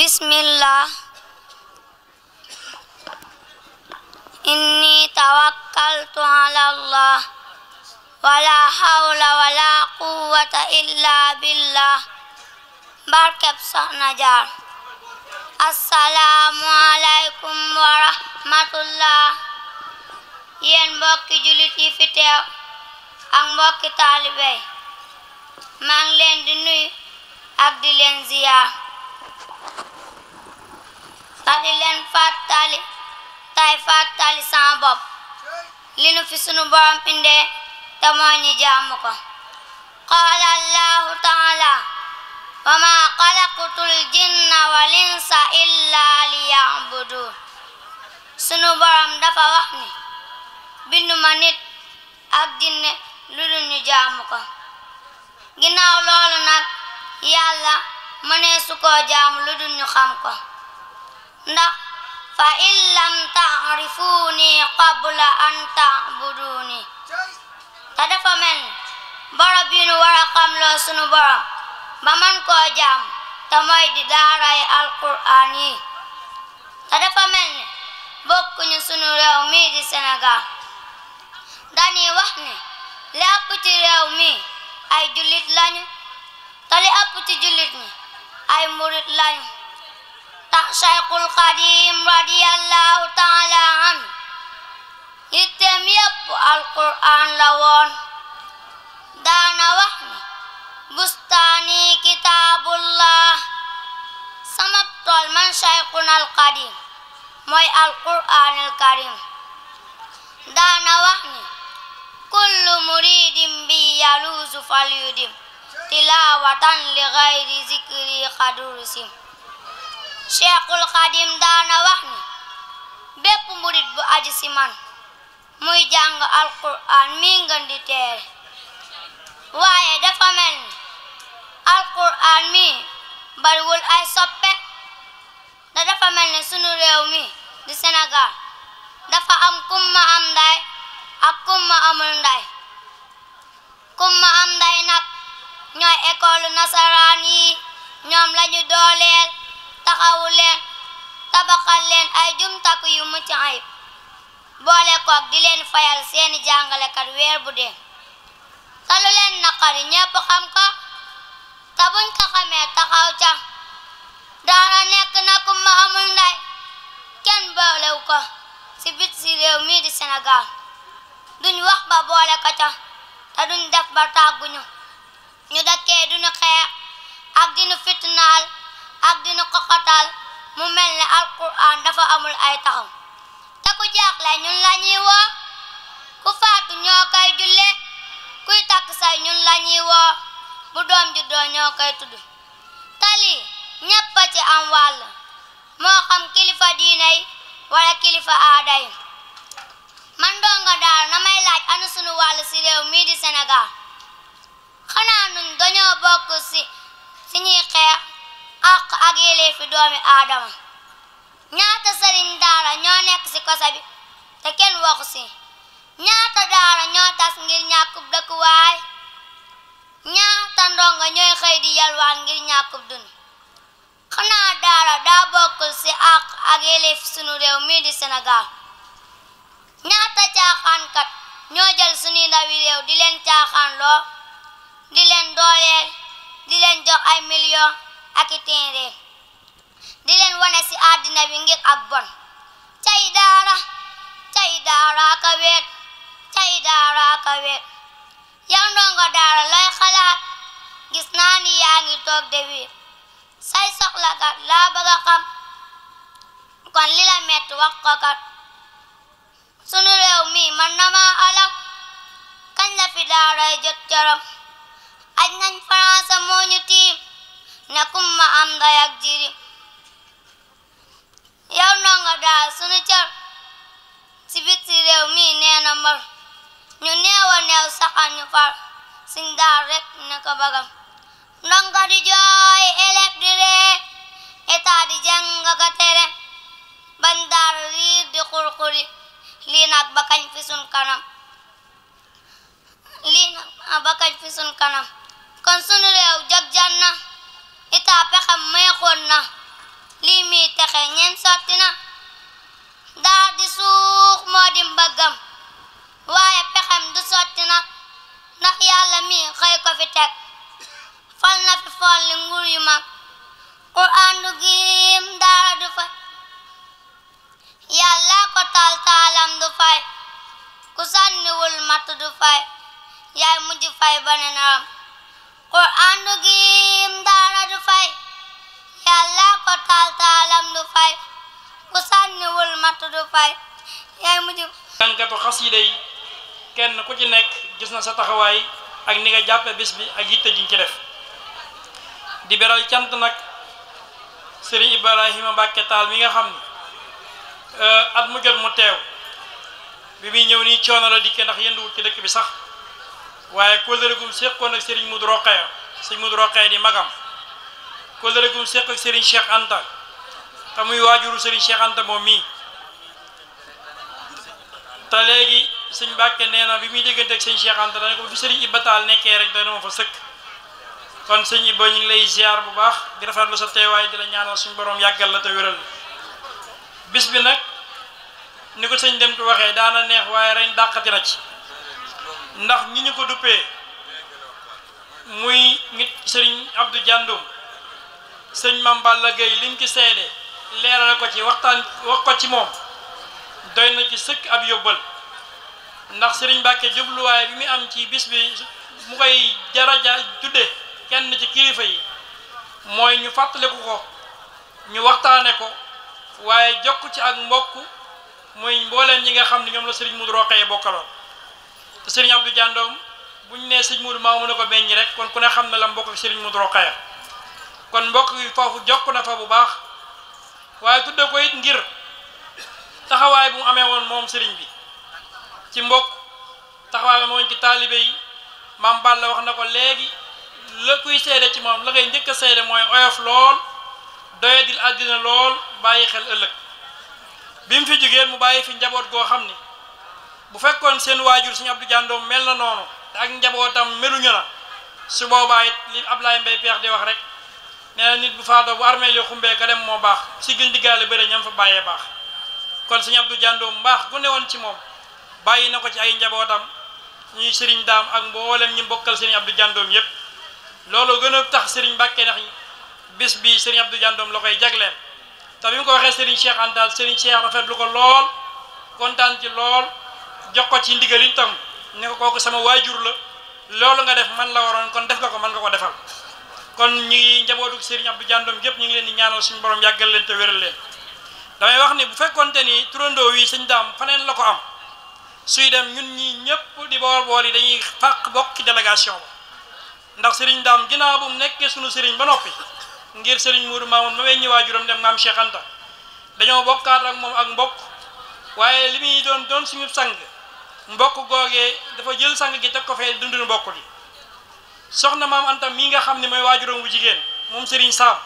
bismillah inni tawakkaltu ala allah wala hawla wala quwwata illa billah barkeb Soxna Jaar assalaamu alaykum wa rahmatullah yéen mbokki julit yi fi ak mbokki taalibe maa ngi leen di nuyu ak di leen ziyaar te di leen fàttali tay fàttali sama bopp li nu fi sunu borom indee te moo ñu jaamu ko qaala allahu taala wa jinna wal insa illa liya'budun sunu borom dafa ni binduma nit ak jinne lu dul ñu jaamu ko loolu nag yàlla mënee su koo jaamu lu dul ñu ko ndax fa in lam taarifuuni qabla an taabuduuni te dafa mel barab yu nu war a xamloo sunu borom ba man koo jaam te mooy di daaray alquraan yi te dafa mel ni sunu réew mii di Sénégal dañuy wax ne li ëpp ci réew mii ay jullit lañu te li ëpp ci jullit ñi ay murit lañu tax Cheikhul Xadim radiyallahu taala an itteem yépp alquran la woon daana wax ni bustaani kitaabullah sama tool man mooy alquranil karim daana wax ni kullu li xayri zikri xadurusim cheikhul xadim daana wax ni bépp murit bu aji si man muy jàng alquran mi ngeen di teere waaye dafa mel ni alquran mi bariwul ay soppe da dafa mel ni sunu réew mi di Sénégal dafa am kumma am nday ak kumma amul nday kumma am nday nag ñooy école nasaraan yi ñoom lañu dooleel taxawu leen tabaxal leen ay jumtak yu mucc ayib boole koog di leen fayal seeni jàngalekat weer bu dee te lu leen naqari ñépp xam ko te buñ ko xamee taxaw ca daara nekk na ku ma amul nday kenn boolew ko si bit si di Sénégal duñ wax ba boole ko ca te duñ def ba tàgguñu ñu dëkkee duñu xeex ak dinu fitnaal ak dina xoqatal mu mel ne alquran dafa amul ay taxam te ku jaaxle ñun la ñuy woo ku faatu ñoo koy julle kuy takk say ñun la ñuy woo bu doom juddoo ñoo koy tudd tali ñépp a ci am wàll moo xam kilifa diinay wala kilifa aaday man donga daal na may laaj anu sunu wàll si mii di Sénégal xanaa nun dañoo bokk si si ñuy àq ak yelleefi doomi aadama ñaata sëriñ daara ñoo nekk ci kosa bi te kenn waxu ci ñaata daara ñoo tas ngir ñàkkub dëkkuwaay ñaata ndongo ñooy xëy di yalwaan ngir ñàkkub dund xanaa daara daa bokkul ci àq ak yelleefi sunu réew mii di Sénégal ñaata caaxaankat ñoo jël sunuy ndawi réew di leen caaxaan loo di leen dooleel di leen jox ay millions ak i téere di leen si àddina bi ngir ak bon cay daara cay daara ka weet cay daara ka weet yow ndongo daara looy xalaat gis naa ni yaa ngi toog de wiir say soxla kat laa bëgg a xam kon li la metti sunu réew mi man na maa alal kañ la fi daaray jot corom aj nañ faransa moo ñu tiim nekkum ma am nday ak jiri yow ndongo daal sunu cër si bit nee na mar ñu neewa neew saxan ñu far siñ rek ne ko bagam ndongo di jooy élève di ree état di jàng ko tere bañ daal riir di xurxuri lii nag ba kañ fi kanam lii nag ba kañ fi kanam kon sunu réew jog jan itaa pexem meexoon na lii mii texe ñeen sotti na daa di suux moo di mbëggam waaye pexem du sotti na ndax yàlla mii xëy ko fi teg fal fool li nguur yu mag quraan du giim daara du fay yàlla ko taal taalam du fay ku sànniwul matt du fay yaay mujj fay ba ne naam quraan du giim daara du fay yàlla ko taal taalam du fay ku sànniwul matt du fay yaay mujj jànkatu xasida yi kenn ku ci nekk gis na sa taxawaay ak ni nga jàppe bis bi ak yitte jiñ ci di beral cant nag sëriñ Ibrahima Mbàkke Taal mi nga xam ne euh, at mu jot mu teew bi muy ñëw nii coono la dikkee ndax yënduwul ci dëkk bi sax waaye kóllëre gum séqoon ak sëriñ Mudu Roqaya sëñ Mudu Roqaya di magam kóllëre gum séq ak sëriñ Cheikh Anta te muy waajuru sëriñ Cheikh Anta moom mii te léegi sëñ Mbàkke nee na bi muy déggante ak sëñ Cheikh Anta dana ko fi sëriñ Ibba Taal nekkee rek dana ma fa sëkk kon sëñ Ibba ñu lay ziar bu baax di rafetlu sa teewaay di la ñaanal suñu borom yàggal la te wéral bis bi nag ni ko sëñ dem tu waxee daana neex waaye ren dàqati na ci ndax ñi ñu ko duppee muy nit sëriñ Abdou Diandoum sëñ Mame la Gueye liñ ci seede leeral ko ci waxtaan wax ko ci moom doy na ci sëkk ab yóbbal ndax sëriñ Mbàkke jubluwaay bi mu am ci bis bi mu koy jarajaa tudde kenn ci kilifa yi mooy ñu fàttaliku ko ñu waxtaane ko waaye jokk ci ak mbokk muy mbooleem ñi nga xam ne ñoom la sëriñ Modou Rokhaya bokkaloon te sëriñ Abdou Diandoom bu ñu nee sëñ Modou Mamoune ne ko meññ rek kon ku ne xam na la mbokk ak sëriñ Modou Rokhaya kon mbokk yi foofu jokk na fa bu baax waaye tudde ko it ngir taxawaay bi mu amee woon moom sëriñ bi ci mbokk taxawaay moom ci taalibe yi maam la wax na ko léegi la kuy seede ci moom la ngay njëkk a seede mooy oyof lool doyadil àddina lool bàyyi xel ëllëg bi mu fi jigéen mu bàyyi fi njaboot goo xam ni bu fekkoon seen waajur suñu Abdou Diandoom mel na noonu te ak njabootam meluñu na su boobaa it ab Ablaye Mbaye beex di wax rek nee na nit bu faatoo bu armeel yi xumbee ka dem moo baax si gil diggaale bëre ñam fa bàyyee baax kon suñu Abdou Diandoom mbaax gu woon ci moom bàyyi na ko ci ay njabootam ñuy sëriñ daam ak mboolem ñi mbokkal sëriñ Abdou Diandoom yépp loolu gën a tax sëriñ Mbàkke ndax bis bi sëriñ Abdou Diandoom la koy jagleel te bi ko waxee sëriñ Cheikh Anta sëriñ Cheikh rafetlu ko lool kontaan ci lool jox ko ci ndigal itam ne ko kooku sama waajur la loolu nga def man la waroon kon def nga ko man nga ko defal kon ñu ngi njabootu Serigne Abdou jàndoom gépp ñu ngi leen di ñaanoo suñu borom yàggal leen te wéral leen damay wax ni bu fekkonte ni turandoo wi sëñ daam faneen la ko am suy dem ñun ñi ñëpp di boor boor yi dañuy fàq bokk ci délégation ndax sëriñ daam ginnaaw bu mu nekkee suñu Serigne ba noppi ngir Serigne Mourou Mamoun ma weññi waajuram dem maam Cheikh Anta dañoo bokkaat ak moom ak mbokk waaye li muy doon doon suñu sang mbokk googee dafa jël sang gi teg ko fee dundul mbokk li soxna maam antam mii nga xam ne mooy waajuram wu jigéen moom sëriñ saam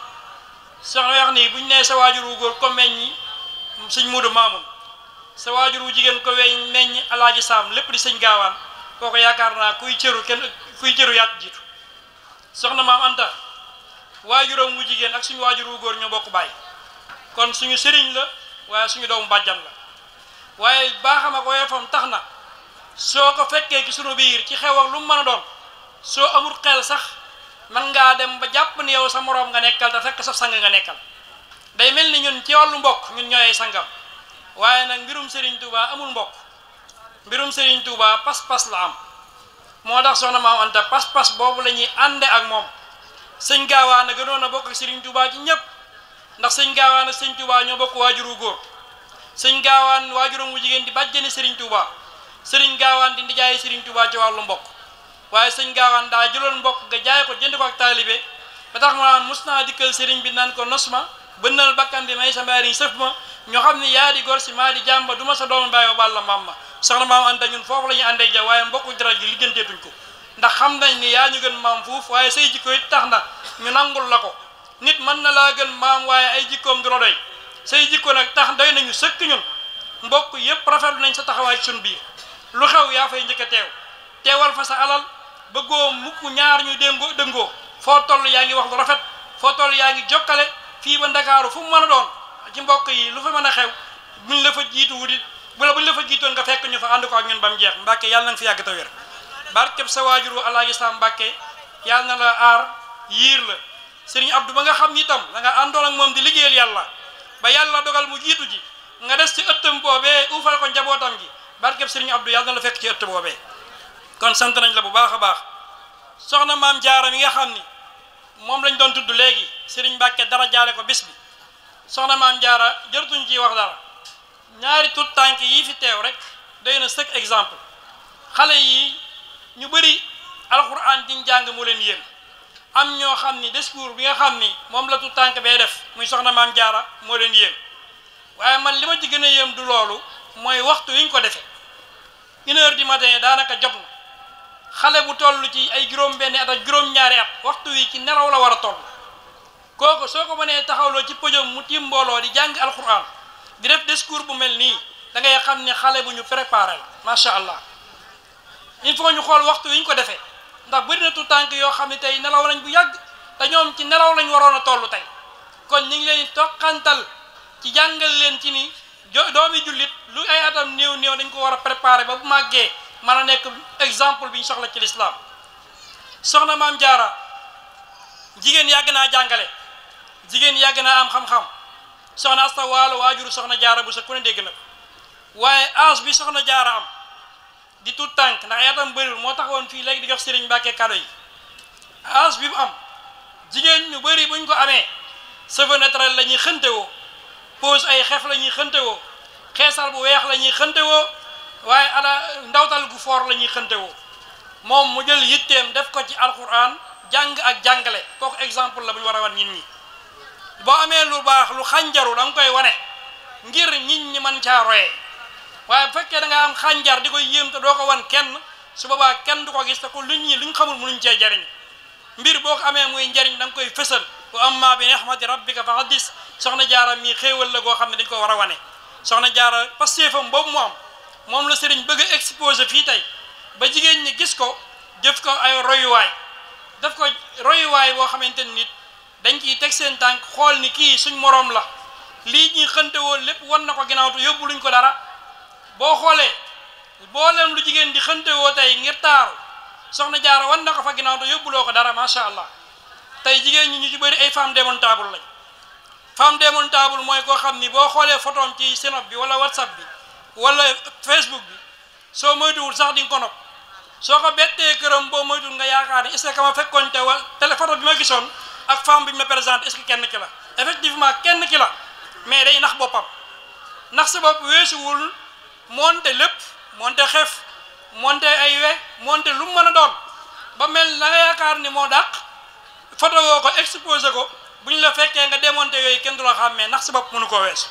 soxna wax ni buñ nee sa waajur wu góor ko meññi sëñ muudu maamun sa waajur wu jigéen ko weñ meññi alaaji saam lépp di sëñ gaawaan kooko yaakaar naa kuy cëru kenn kuy cëru yaat jiitu soxna maam anta waajuram wu jigéen ak suñu waajur wu góor ñoo bokk bàyyi kon suñu sëriñ la waaye suñu doomu bàjjan la waaye baaxam ak woyofam tax na soo ko fekkee ci sunu biir ci xew ak lu mu mën a doon soo amul xeel sax man ngaa dem ba jàpp ni yow sa moroom nga nekkal te fekk sa sang nga nekkal day mel ni ñun ci wàllu mbokk ñun ñooy sangam waaye nag mbirum Serigne Touba amul mbokk mbirum Serigne Touba pas-pas la am moo tax soxna Maam Anta pas-pas boobu la ñuy ànde ak moom sëñ Gaawaan gënoon a bokk ak Serigne Touba ci ñëpp ndax sëñ Gaawaan ak sëñ Touba ñoo bokk waajuru góor sëñ Gaawaan waajuram wu jigéen di bàjjani Serigne Touba. sëriñ gaawaan di ndi jaay sëriñ Tuubaa ci wàllu mbokk waaye sëñ gaawaan daa jëloon mbokk nga jaay ko jënd ko ak taalibe ba tax ma mus naa dikkal sëriñ bi naan ko nos ma bënnal bakkan bi may sa mbaariñ sëf ma ñoo xam ne yaa di gor si maa di jàmba du ma sa doomu baay balla maam ma soxna maam anta ñun foofu la ñu àndee ja waaye mbokku dara ji ligganteetuñ ko ndax xam nañ ni yaa ñu gën maam fuuf waaye say jikko it tax na ñu nangul la ko nit mën na laa gën maam waaye ay jikkoom du la doy say nag tax doy nañu sëkk ñun mbokk yépp rafetlu nañ sa taxawaay ci suñu lu xew yaa fay njëkk teew teewal fa sa alal ba bëggoo mukk ñaar ñu de dëngoo foo toll yaa ngi wax lu rafet foo toll yaa ngi jokkale fii ba ndakaaru fu mu mën a doon ci mbokk yi lu fa mën a xew buñ la fa jiitu wuti wutit wala buñ la fa jiitoon nga fekk ñu fa ànd ko ak ñun jeex mbàkke yàlla na nga fi yàgg te wér barkeb sa waajuru alaaji Sam mbàkke yàlla na la aar yiir la sëriñ Abdou ba nga xam ñi tam danga nga àndoon ak moom di liggéeyal yàlla ba yàlla dogal mu jiitu ji nga des ci ëttam boobee uufal ko njabootam gi barkeb sëriñ Abdou yàlla la fekk ci ëtt boobe kon sant nañ la bu baax a baax soxna maam jaara mi nga xam ni moom lañ doon tudd léegi sëriñ Mbàkke dara jaare ko bis bi soxna maam jaara jërtuñ ciy wax dara ñaari tut tànk yii fi teew rek doy na sëkk exemple xale yi ñu bëri alxuraan diñ jàng moo leen yéem am ñoo xam ni discours bi nga xam ni moom la tut tànk bee def muy soxna maam jaara moo leen yéem waaye man li ma ci gën a yéem du loolu mooy waxtu wiñ ko defee une heure du matin daanaka jot xale bu toll ci ay juróom-benn at ak juróom-ñaari at waxtu wi ci nelaw la war a toll kooku soo ko mënee taxawloo ci pëjom mu tiim mbooloo di jàng alquran di def discours bu mel nii da ngay xam ne xale bu ñu préparé la macha allah il faut ñu xool waxtu wi ñu ko defee ndax bëri na tànk yoo xam ne tey nelaw lañ bu yàgg te ci nelaw lañ waroon a toll tey kon ñu ngi leen toqantal ci jàngal leen ci nii. jo doomi jullit lu ay atam néew néew dañ ko war a préparer ba bu màggee mën a nekk exemple bi ñu soxla ci lislaam soxna maam jaara jigéen yàgg naa jàngale jigéen yàgg naa am xam-xam soxna asta waalo waajuru soxna jaara bu sa ku ne dégg na waaye âge bi soxna jaara am di tuut tànk ndax ay atam bëriwul moo taxawoon fii léegi di jox sëriñ Mbàkke kado yi âge bi mu am jigéen ñu bari buñ ko amee cheveux naturel la ñuy xëntewoo pose ay xef la ñuy xënte woo xeesal bu weex la ñuy xënte woo waaye ala ndawtal bu foor la ñuy xënte moom mu jël yitteem def ko ci alquran jàng ak jàngale kooku exemple la bu ñu war a wan nit ñi boo amee lu baax lu xànjaru da nga koy wane ngir nit ñi mën caa roye waaye fekkee da nga am xànjar di koy yéem doo ko wan kenn su boobaa kenn du ko gis te ko luñ ñi luñ xamul mu mënuñ cee jariñ mbir boo ko amee muy njariñ da nga koy fësal wa amma bi nihmati rabbika fa haddis soxna jaara mii xéewal la goo xam ne dañ ko war a wane soxna jaara pasteefam boobu mu am moom la sëriñ bëgg a exposé fii tey ba jigéen ñi gis ko def ko ay royuwaay daf ko royuwaay boo xamante nit dañ ciy teg seen tànk xool ni kii suñ moroom la lii ñuy xënte woon lépp wan na ko ginnaaw te yóbbu luñ ko dara boo xoolee booleem lu jigéen di xënte woo tey ngir taaru soxna jaara wan na ko fa ginnaaw te yóbbuloo ko dara macha allah tey jigéen ñi ñu ci bëri ay femme démontable lañ femme taabul mooy koo xam ni boo xoolee photom ci Snap bi wala WhatsApp bi wala Facebook bi soo moytuwul sax di nga ko nopp soo ko bettee këram boo moytuwul nga yaakaar ne est-ce que ma fekkoon te wa téléphone bi ma gisoon ak femme bi ma présenté est-ce kenn ki la effectivement kenn ki la mais day nax boppam nax sa bopp weesuwul moonte lépp moonte xef moonte ay we moonte lu mën a doon ba mel moo dàq photo yoo ko exposé ko bu ñu la fekkee nga démonté yooyu kenn du la xàmmee ndax sa bopp mënu ko weesu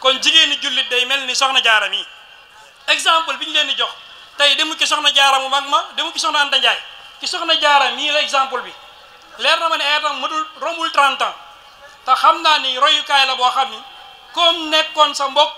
kon jigéeni jullit day mel ni soxna jaaram yi exemple bi ñu leen di jox tey demu ki soxna jaaram mu mag ma demu ki soxna Anta Ndiaye ki soxna jaaram mii la exemple bi leer na ma ne atam mëtul rombul 30 ans te xam naa ni royukaay la boo xam ni comme nekkoon sa mbokk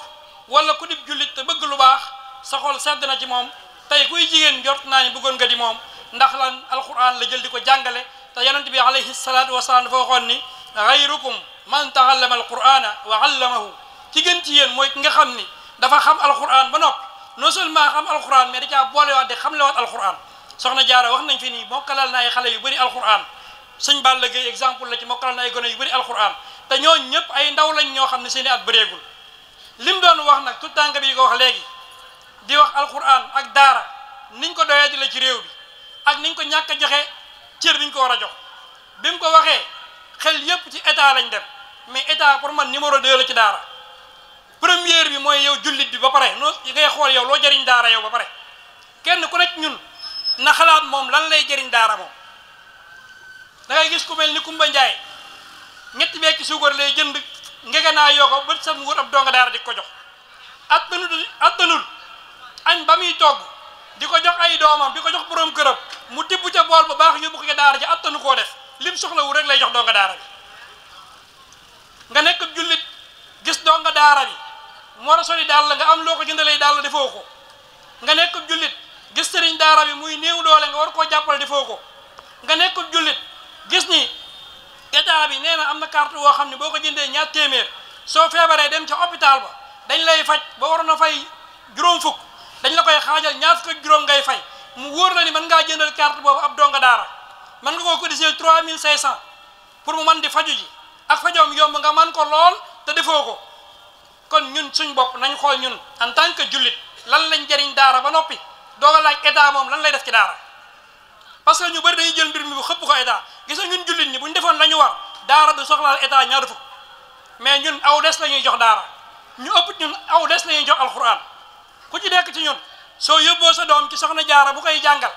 wala ku dib jullit te bëgg lu baax sa xol sedd na ci moom tey kuy jigéen jot naa ni bëggoon nga di moom ndax lan alquran la jël di ko jàngale te yonent bi alayhi salaatu wasalaam dafa waxoon ni xayrukum man taallama alqurana wa allamahu ki gën ci yéen mooy ki nga xam ni dafa xam alquran ba noppi non seulement xam alquran mais da caa boolewaat de xamlewaat alquran soxna jaara wax nañ fi nii mokkalal na ay xale yu bëri alquran sëñ Balla Gueye exemple la ci mokkalal na ay gone yu bëri alquran te ñoo ñëpp ay ndaw lañ ñoo xam ne seen i at bëreegul lim doon wax nag tout tànk bi ko wax léegi di wax alquran ak daara niñ ko doyee di la ci réew bi ak niñ ko ñàkk a joxe cër biñ ko war a jox bi mu ko waxee xel yépp ci état lañ dem mais état pour man numéro deux la ci daara première bi mooy yow jullit bi ba pare noo ngay xool yow loo jëriñ daara yow ba pare kenn ku nekk ñun na xalaat moom lan lay jëriñ daara moom da gis ku mel ni Kumba Njaay ñetti bekki suukar lay jënd naa yoo ko bët sam nguur ab donga daara di ko jox attanul attanul añ ba muy togg di ko jox ay doomam di ko jox borom këram mu tibb ca bool ba baax yóbbu ko ca daara ji attanu koo def lim soxlawu rek lay jox donga daara bi nga nekk jullit gis donga daara bi mu war a nga am loo ko jëndalee daal defoo ko nga nekk jullit gis sëriñ daara bi muy néew doole nga war koo jàppale defoo ko nga nekk jullit gis ni état bi nee na am na carte woo xam ne boo ko jëndee ñaar téeméer soo feebaree dem ca hôpital ba dañ lay faj ba waroon a fay juróom fukk dañu la koy xaajal ñaar fukk juróom ngay fay mu wóor la ni mën ngaa jëndal carte boobu ab donga daara mën nga koo cotiser 3500 pour mu man di faju ji ak fajoom yomb nga man ko lool te defoo ko kon ñun suñ bopp nañ xool ñun en tant que jullit lan lañ jariñ daara ba noppi dooga laaj état moom lan lay def ci daara parce que ñu bëri dañuy jël mbir mi bu xëpp ko état gis nga ñun jullit ñi bu ñu defoon la ñu war daara du soxlaal état ñaar fukk mais ñun aw des la ñuy jox daara ñu ëpp ñun aw des la ñuy jox ku ci nekk ci ñun soo yóbboo sa doom ci soxna jaara bu koy jàngal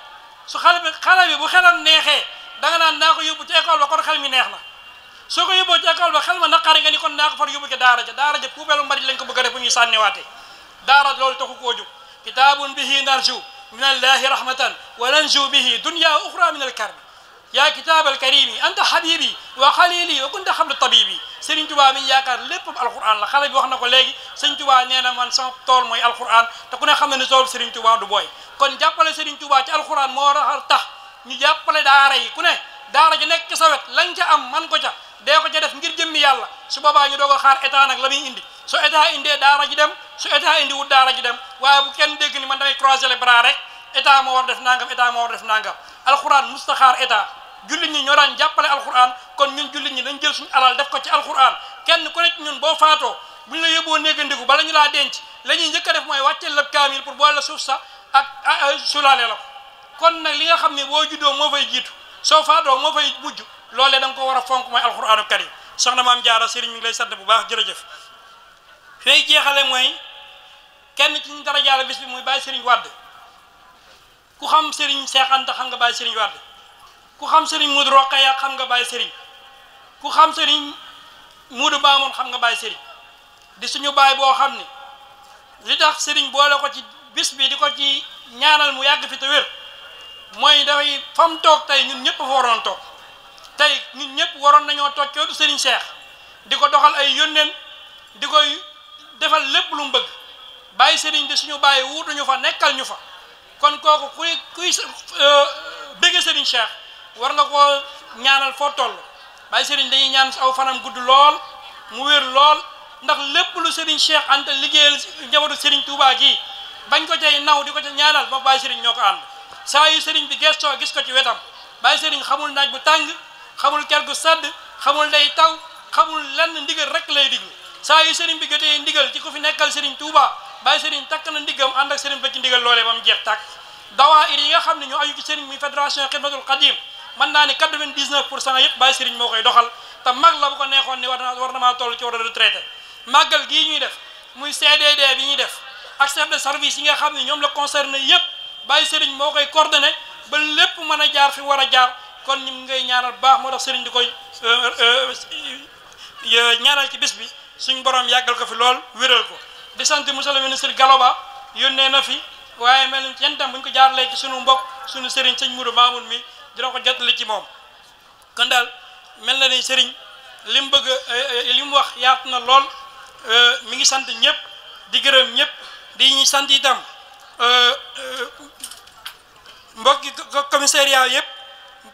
su xale bi xale bi bu xelam neexee danga naan naa ko yóbbu ci école ba kon xel mi neex na soo ko yóbboo ci école ba xel na naqari ni kon naa ko far yóbbu ci daara ja daara ja poubelle mbalit lañ ko bëgg a def bu ñuy sànniwaatee daara loolu taxu koo jóg kitaabun bihi narju min allahi rahmatan wa nanju bihi dunya uxra min al karbi yaa kitaabal karimi anta habibi wa xalili wa kunta xablu tabibi Serigne Touba mi yaakaar lépp alquran la xale wax na ko léegi Serigne Touba nee na man sama tool mooy alquran te ku ne xam na ne tool Serigne Touba du booy kon jàppale Serigne Touba ci alquran moo raxal tax ñu jàppale daara yi ku ne daara ji nekk sa wet lañ ca am man ko ca dee ko ca def ngir jëmmi yàlla su boobaa ñu doog a xaar état nag la muy indi su état indee daara ji dem su état indi wut daara ji dem waaye kenn dégg ni man damay croiser les bras rek état moo war def nangam état moo war def nangam alquran mustaxaar état jullit ñi ñoo daan jàppale alxuraan kon ñun jullit ñi dañ jël suñu alal def ko ci alxuraan kenn ku ne ci ñun boo faatoo bu ñu la yóbboo néegandiku bala ñu laa denc la ñuy njëkk a def mooy wàcceel la kaamil boole la suuf sa ak la ko kon nag li nga xam ne boo juddoo moo fay jiitu soo faatoo moo fay mujj loolee da ko war a fonk mooy alxuraanu karim soxna maam jaara sëriñ mi ngi lay bu baax jërëjëf fay jeexale mooy kenn ci ñu dara jaara bis bi muy bàyyi sëriñ wadd ku xam sëriñ seexanta xam nga bàyyi sëriñ wadd ku xam sëriñ Modou Rokhaya xam nga bàyyi sëriñ ku xam sëriñ Modou Baamoon xam nga bàyyi sëriñ di suñu baay boo xam ne li tax sëriñ boole ko ci bis bi di ko ci ñaanal mu yàgg fi te wér mooy dafay fam toog tey ñun ñëpp fa waroon toog tey ñun ñëpp waroon nañoo toog coodu sëriñ Seex di ko doxal ay yónneen di koy defal lépp lum bëgg bàyyi sëriñ di suñu bàyyi wuutuñu fa nekkal ñu fa kon kooku kuy kuy euh, bëgg sëriñ Cheikh war nga koo ñaanal foo toll bàyyi sëriñ dañuy ñaan aw fanam gudd lool mu wér lool ndax lépp lu sëriñ Cheikh Anta liggéeyal njabootu sëriñ Touba gi bañ ko cay naw di ko ca ñaanal moom bàyyi sëriñ ñoo ko ànd saa yu sëriñ bi gestoo gis ko ci wetam bàyyi sëriñ xamul naaj bu tàng xamul ker gu sàdd xamul day taw xamul lenn ndigal rek lay diglu saa yu sëriñ bi jotee ndigal ci ko fi nekkal sëriñ Touba bàyyi sëriñ takk na ndiggam ànd ak sëriñ ba ci ndigal loolee ba mu jeex xam ne ñu aju ci sëriñ muy fédération xidmatul man naa ne quatre-vingt-dix-neuf pour cent yëpp bàyyi sëriñ moo koy doxal te mag la bu ko neexoon ni war na war na maa toll ci war a retraité màggal gii ñuy def muy CDD bi ñuy def ak chef de service yi nga xam ne ñoom la concerné yëpp bàyyi sëriñ moo koy coordonné ba lépp mën a jaar fi war a jaar kon ñu ngay ñaanal baax moo tax sëriñ di koy euh, euh, euh, ñaanal ci bis bi suñ borom yàggal ko fi lool wéral ko di sant monsieur le ministre Galoba yónnee na fi waaye mel ni yan tam bu ko jaaralee ci sunu mbokk sunu sëriñ sëñ Mourou Mamoun mi. dina ko jotali ci moom kon daal mel na ni sëriñ li mu bëgg eh, li mu wax yaatu na lool eh, mi ngi sant ñëpp di gërëm ñëpp di ñuy sant itam eh, mbokki commissariat yëpp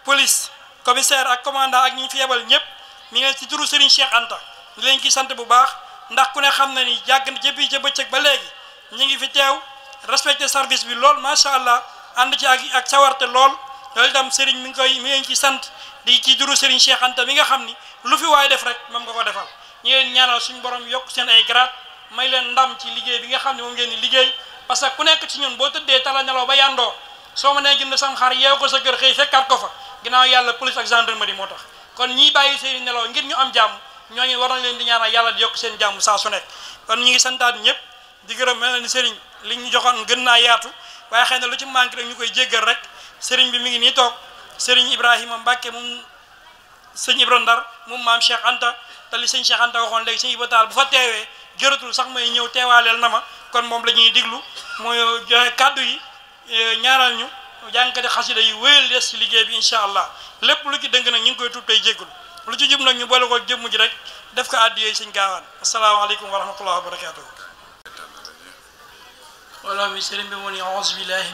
police commissaire ak commandant ak ñi fi yebal ñëpp mi ngi ci turu Serigne Cheikh Anta ñu leen ki sant bu baax ndax ku ne xam na ni yàgg na jëppi ca bëccëg ba léegi ñu ngi fi teew respecté service bi lool macha allah ànd ci ak ak sawarte lool loolu itam Serigne mi ngi koy mi ngi ci sant di ci duru Serigne Cheikh Anta nga xam ni lu fi waaye def rek moom nga ko defal ñu leen ñaanal suñu borom yokk seen ay grade may leen ndam ci liggéey bi nga xam ne moom ngeen di liggéey parce que ku nekk ci ñun boo tëddee tala nelaw ba yàndoo soo ma nee jënd sam xar yeew ko sa gër xëy fekkaat ko fa ginnaaw yàlla police ak gendarmerie moo tax kon ñii bàyyi seen nelaw ngir ñu am jàmm ñooñu war nañ leen di ñaanal yàlla di yokk seen jàmm saa su kon ñu ngi santaat ñëpp di gërëm mel ni Serigne li ñu joxoon gën naa yaatu waaye xëy na lu ci manqué rek ñu koy jéggal rek sëriñ bi mi ngi nii toog sëriñ Ibrahima Mbacke mu sëñ Ibra dar moom maam Cheikh Anta te li sëñ Cheikh Anta waxoon léegi sëñ Ibra bu fa teewee jëratul sax may ñëw teewaaleel na ma kon moom la ñuy diglu mooy joxe kàddu yi e, ñaanal ñu jàngkati xasida yi wéyal des ci liggéey bi incha allah lépp lu ki dëng nag ñu ngi koy tuub tey jéggul lu ci jub nag ñu boole ko jëmm ji rek def ko àddi yooyu sëñ gaawaan asalaamaaleykum wa rahmatullah wa barakatuhu wala mi sëriñ bi mu ne auzu billahi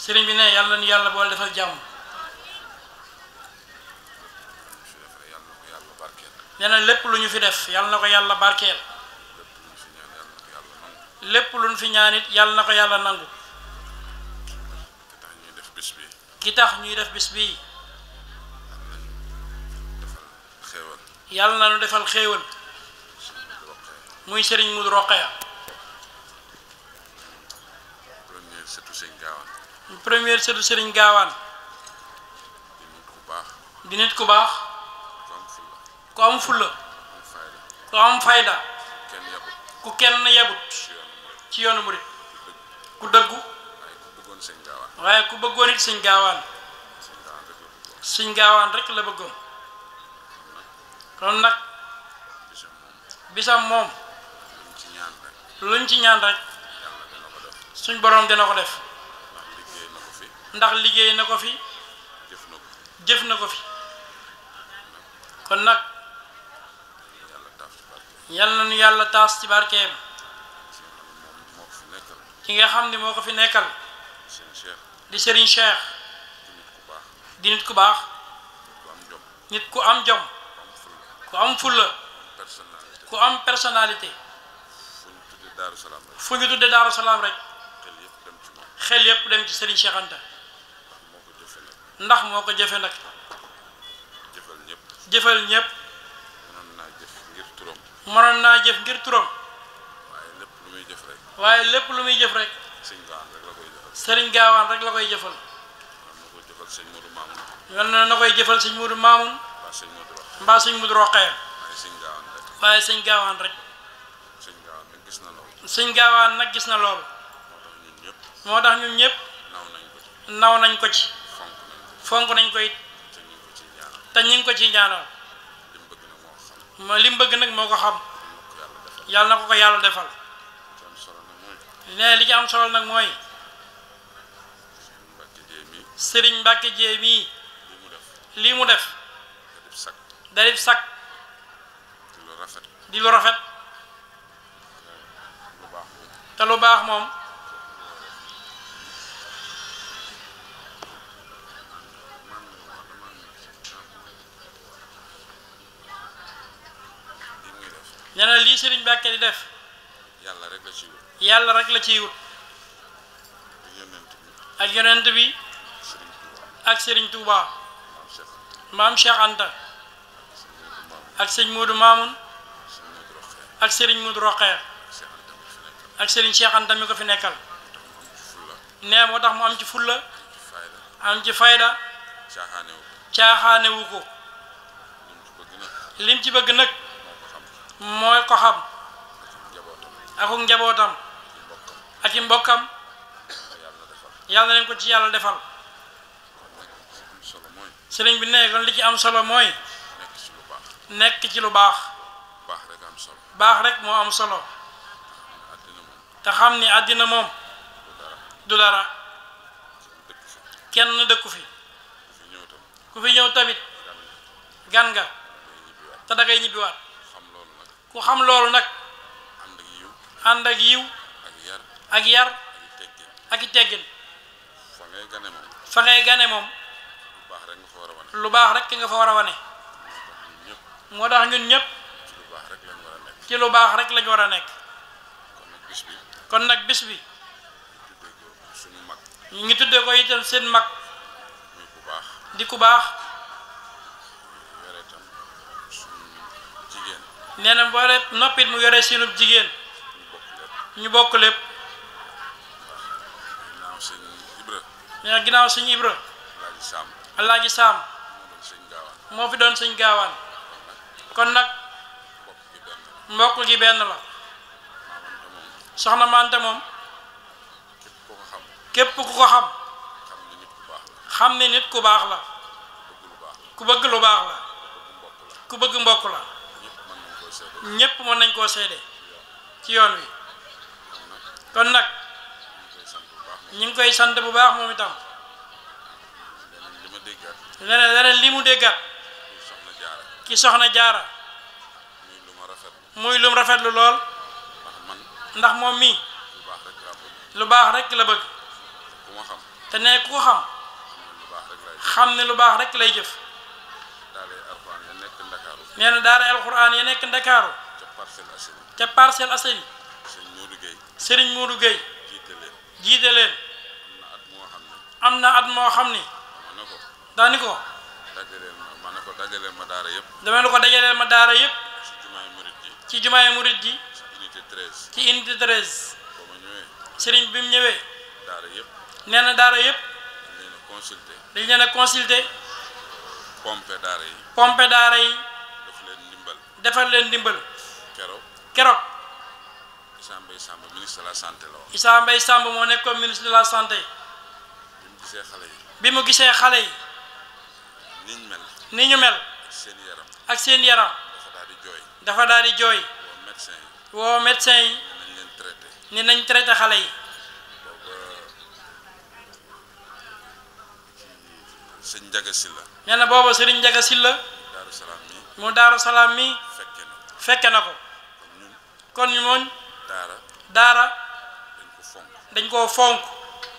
sëriñ bi ne yàlla ni yàlla bool defal jàmm nee lépp lu ñu fi def yàlla na ko yàlla barkeel lépp lu ñu fi ñaan it yàlla na ko yàlla nangu ki tax ñuy def bis bii yàlla na ñu defal xéewal muy sëriñ Mudu Roqaya première sëtu Serigne Gaawaan di nit ku baax ku am fulla ku am fayda ku kenn yebut ci yoonu murit ku dëggu waaye ku bëggoon it Serigne Gaawaan Serigne Gaawaan rek la bëggoon kon nag bisam moom luñ ci ñaan rek suñ borom dina ko def ndax liggéey na ko fi jëf na ko fi kon nag yal na nu yàlla taas ci barkeem ki nga xam ni moo ko fi nekkal di Serigne Cheikh di nit ku baax nit ku am jom ku am fulla ku am personnalité fu ñu tuddee Daaru Salaam rek xel yépp dem ci Serigne Cheikh ndax moo ko jëfe nag jëfal ñëpp jëfal ñëpp naa jëf ngir turam waaye lépp lu muy jëf rek sëriñ gaawaan rek la koy jëfal sëriñ gaawaan rek koy jëfal sëñ Modou Mamoun. yal na koy jëfal sëñ Modou Mamoun. mbaa sëñ Modou Roqee. Roqee. waaye sëñ gaawaan rek. sëñ gaawaan nag gis na loolu. sëñ gaawaan nag gis na loolu. moo tax ñun ñëpp. naw nañ ko ci. fonk nañ koy te ñu ngi ko ci ñaanal ma li mu bëgg nag moo ko xam yàlla na ko ko yàlla defal ne li ci am solo nag mooy sëriñ Mbàkke Jéey mii lii mu def darib sag di lu rafet te lu baax moom nee lii sëriñ Mbacke di def. yàlla rek la ciy wut. yàlla ak yonent bi. ak Serigne Touba. maam Cheikh Anta. ak sëñ Modou Mamoun. ak Serigne Modou Roqeer. ak Serigne Cheikh mi ko fi nekkal. nee moo tax mu am ci fulla. am ci fayda. caaxaanewu ko. lim ci bëgg nag. mooy ko xam ak njabootam ak i mbokkam yàlla nañ ko ci yàlla defal sëriñ bi ne li ci am solo mooy nekk ci lu baax baax rek moo am solo te xam ni àddina moom du dara kenn dëkku fi ku fi ñëw tamit gan nga te dangay ñibbiwaat ku xam loolu nag ànd ak yiw ak yar ak yar ak i teggin fa ngay gane moom fa ngay lu baax rek ki nga fa war a wane moo tax ñun ñépp ci lu baax rek lañu war a nekk kon nag bis bi ñu ngi tuddee ko itam seen mag di ku baax nee na boole noppit mu yore sinub jigéen ñu bokk lépp nee na ginnaaw sëñ Ibra Alaaji Saam moo fi doon sëñ gaawaan kon nag mbokk gi benn la soxna Mante moom képp ku ko xam xam ne nit ku baax la ku bëgg lu baax la ku bëgg mbokk la ñépp mën nañ koo seede ci yoon wi kon nag ñu ngi koy sant bu baax moom itam leneen leneen li mu déggat ki soxna jaara muy lum lu lool ndax moom mii lu baax rek la bëgg te ne ku ko xam xam ne lu baax rek lay jëf nee na daara alxuraan ya nekk Ndakaaru ca Parcelles Assainies Serigne Modou Gueye jiite leen am na at moo xam ni na ko dajaleel ma daara yëpp dama ne ko dajaleel ma daara yëpp ci jumaay murit ji ci jumaay murit ji ci unité 13 ci unité 13 ba bi mu ñëwee daara na daara yëpp dañ leen a consulté daara yi pompé daara yi defal leen ndimbal. keroog keroog. Issa Mbaye Samb ministre de la santé la woon. moo nekkoon ministre de la santé. bi mu gisee xale yi. bi mu gisee xale yi. ni ñu mel. ak seen yaram. ak seen yaram. dafa daal di jooy. dafa médecin yi. woo médecin ni nañ leen traité. xale yi. sëñ Njaga Silla. nee na booba sëriñ Njaga Silla. mu daaru salaam mi. fekke na ko kon ñun daara daara dañ ko fonk dañ koo fonk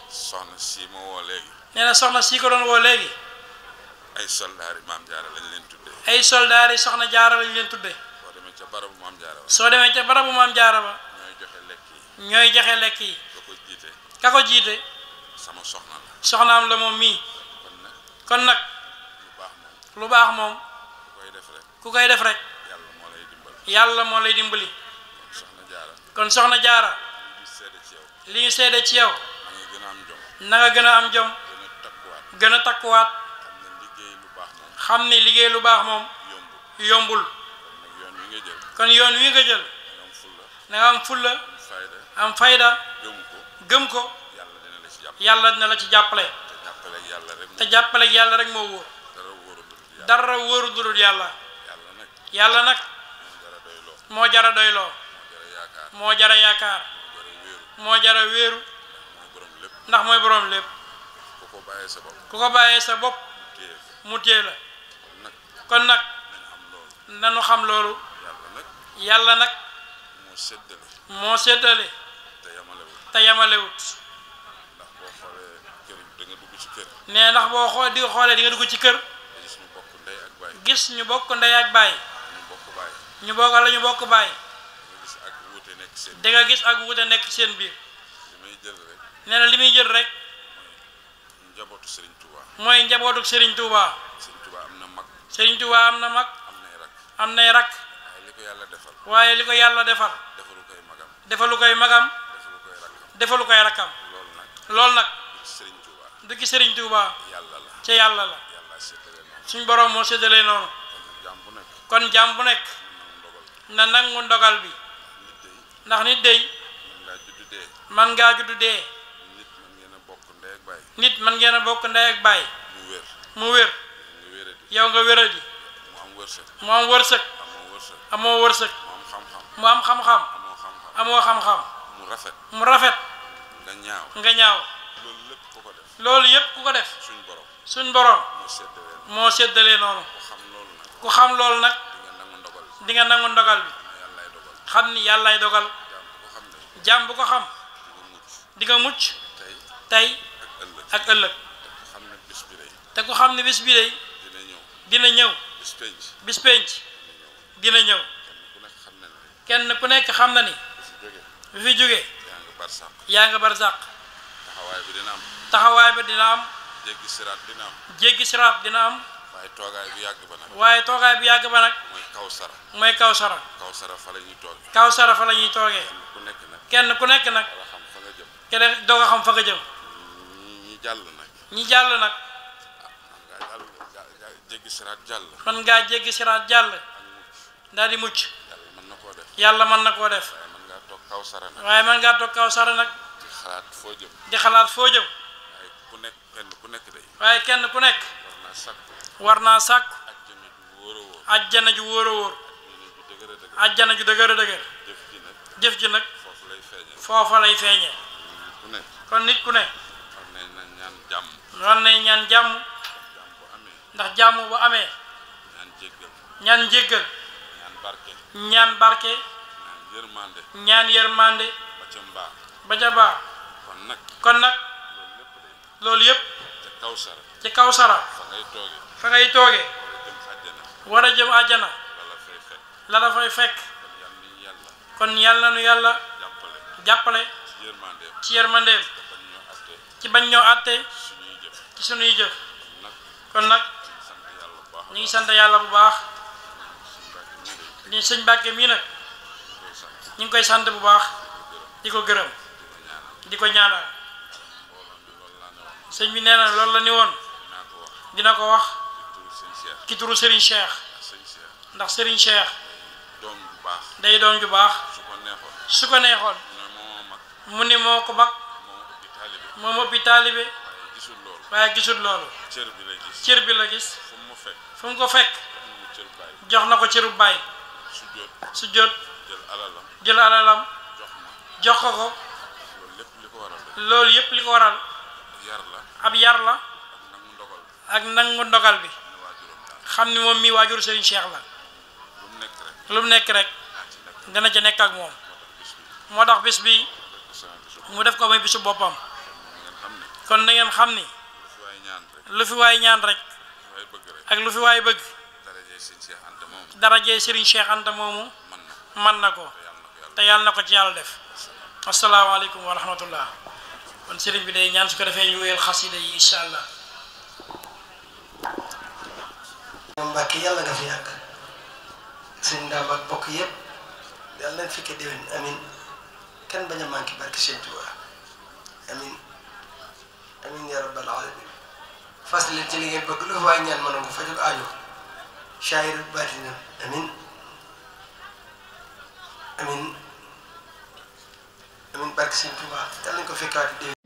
soxna si ma woo léegi nee na soxna sii ko doon woo léegi ay soldaar maam jaara lañ leen tuddee ay soldaar soxna jaara lañ leen tuddee soo demee ca barabu maam jaara ba soo demee ca ñooy joxe lekk yi ka ko jiite sama soxna soxnaam la moom mii kon nag lu baax moom lu def ku koy def rek yàlla moo lay dimbali kon soxna jaara li ñu seede ci yow na gën a am jom gën a takkuwaat xam ne liggéey lu baax moom yombul kon yoon wi nga jël am fulla am fayda gëm ko yàlla dina la ci jàppale te jàppale yàlla rek moo wóor dara wóoru dudul yàlla yàlla nag moo jara doyloo moo jara yaakaar moo jara wéeru ndax mooy boroom lépp ku ko bàyyee sa bopp mu téye la kon nag nu xam loolu yàlla nag moo séddale te yamalewut ne ndax boo xoolee di nga xoolee di nga dugg ci kër gis ñu bokk ndey ak bàyyi ñu bokk la ñu bokk bàyyi. da nga gis ak wuute nekk seen biir. nee na li muy jël rek. njabootu Serigne Touba. mooy njabootu Serigne Touba. Serigne Touba am na mag. Serigne am na mag. am nay rak. rak. waaye li ko yàlla defal. waaye li yàlla defal. defalu koy magam. defalu koy magam. defalu koy rakkam. defalu koy nag. loolu nag. Serigne Touba. du ki Serigne Touba. yàlla la ca yàlla la. suñ borom moo séddalee noonu. kon jaam nekk. na nangu ndogal bi ndax nit day man ngaa juddu dee nit man ngeen a bokk ndey ak baay mu wér yow nga wéradi mu am wërsëg amoo wërsëg mu am xam-xam amoo xam-xam mu rafet mu rafet nga ñaaw nga loolu yépp ku ko def suñ borom moo séddalee noonu ku xam loolu nag di nga nangu ndogal bi xam ni yàllaay dogal jàmm bu ko xam dinga mucc tey ak ëllëg te ku xam ne bis bi day dina ñëw bis penc dina ñëw kenn ku nekk xam na ni bi fi jógee yaa nga barsàq taxawaay bi dina am dina am jéggi siraat dina am waaye toogaay bu yàgg ba nag. waaye toogaay bu yàgg ba nag. mooy kawsara. mooy kawsara. kawsara fa la ñuy toogee. kawsara fa la ñuy toogee. kenn ku nekk nag. kenn ku nekk nag. xam fa nga jëm. kenn doo xam fa nga jëm. ñi jàll nag. ñi jàll nag. ah man ngaa jéggi siraat jàll. man ngaa jéggi siraat jàll. daal di mucc. yàlla man na koo def. yàlla mën na waaye mën ngaa toog kawsara nag. nag. di xalaat foo jëm. di xalaat foo jëm. waaye ku nekk kenn ku nekk kenn ku nekk. war naa sàkku ajjana ju wóor a wóor ajjana ju dëgër dëgër jëf ji nag foofa lay feeñee kon nit ku ne war nay ñaan jàmm ndax jàmm bu amee ñaan njéggal ñaan barke ñaan yërmande ba ca kon nag loolu yépp ci kaw sara fa ngay toogee war a jëm àjjana la la fay fekk kon yàlla nu yàlla jàppale ci yërmandeem ci bañ ñoo ci sunuy jëf kon nag ñu ngi sant yàlla bu baax li sëñ Mbàkke mii nag ñu ngi koy sant bu baax di ko gërëm di ko ñaanal sëñ bi nee na la ni dina ko wax ci turu Serigne ndax Serigne Cheikh day doom ju baax su ko neexoon mu ni moo ko mag moom ëppi taalibe waaye gisul loolu cër bi la gis fu ko fekk jox na ko cëru baay su jot jël alalam jox ko ko loolu yépp li ko waral ab yar la ak nangu ndogal bi xam ni moom mii waajur Serigne Cheikh la lu mu nekk rek dana ca nekk ak moom moo tax bis bi mu def ko muy bisu boppam kon na ngeen xam ni lu fi waay ñaan rek ak lu fi waay bëgg darajee Serigne Cheikh Anta moomu man na ko te yàlla na ko ci yàlla def asalaamaaleykum wa rahmatullah kon Serigne bi day ñaan su ko defee ñu xasida yi incha allah Ibrahima Mbacke yàlla nga fi yàgg sëñ Ndam ak bokk yëpp yàlla nañ fekkee déwén amin kenn bañ a manqué barke sëñ Touba amin amin fas leen ci li ngeen bëgg lu waaye ñaan mën nga fajul aajo shaayir baatinam amin amin amin barke sëñ Touba yàlla nañ ko fekkaati déwén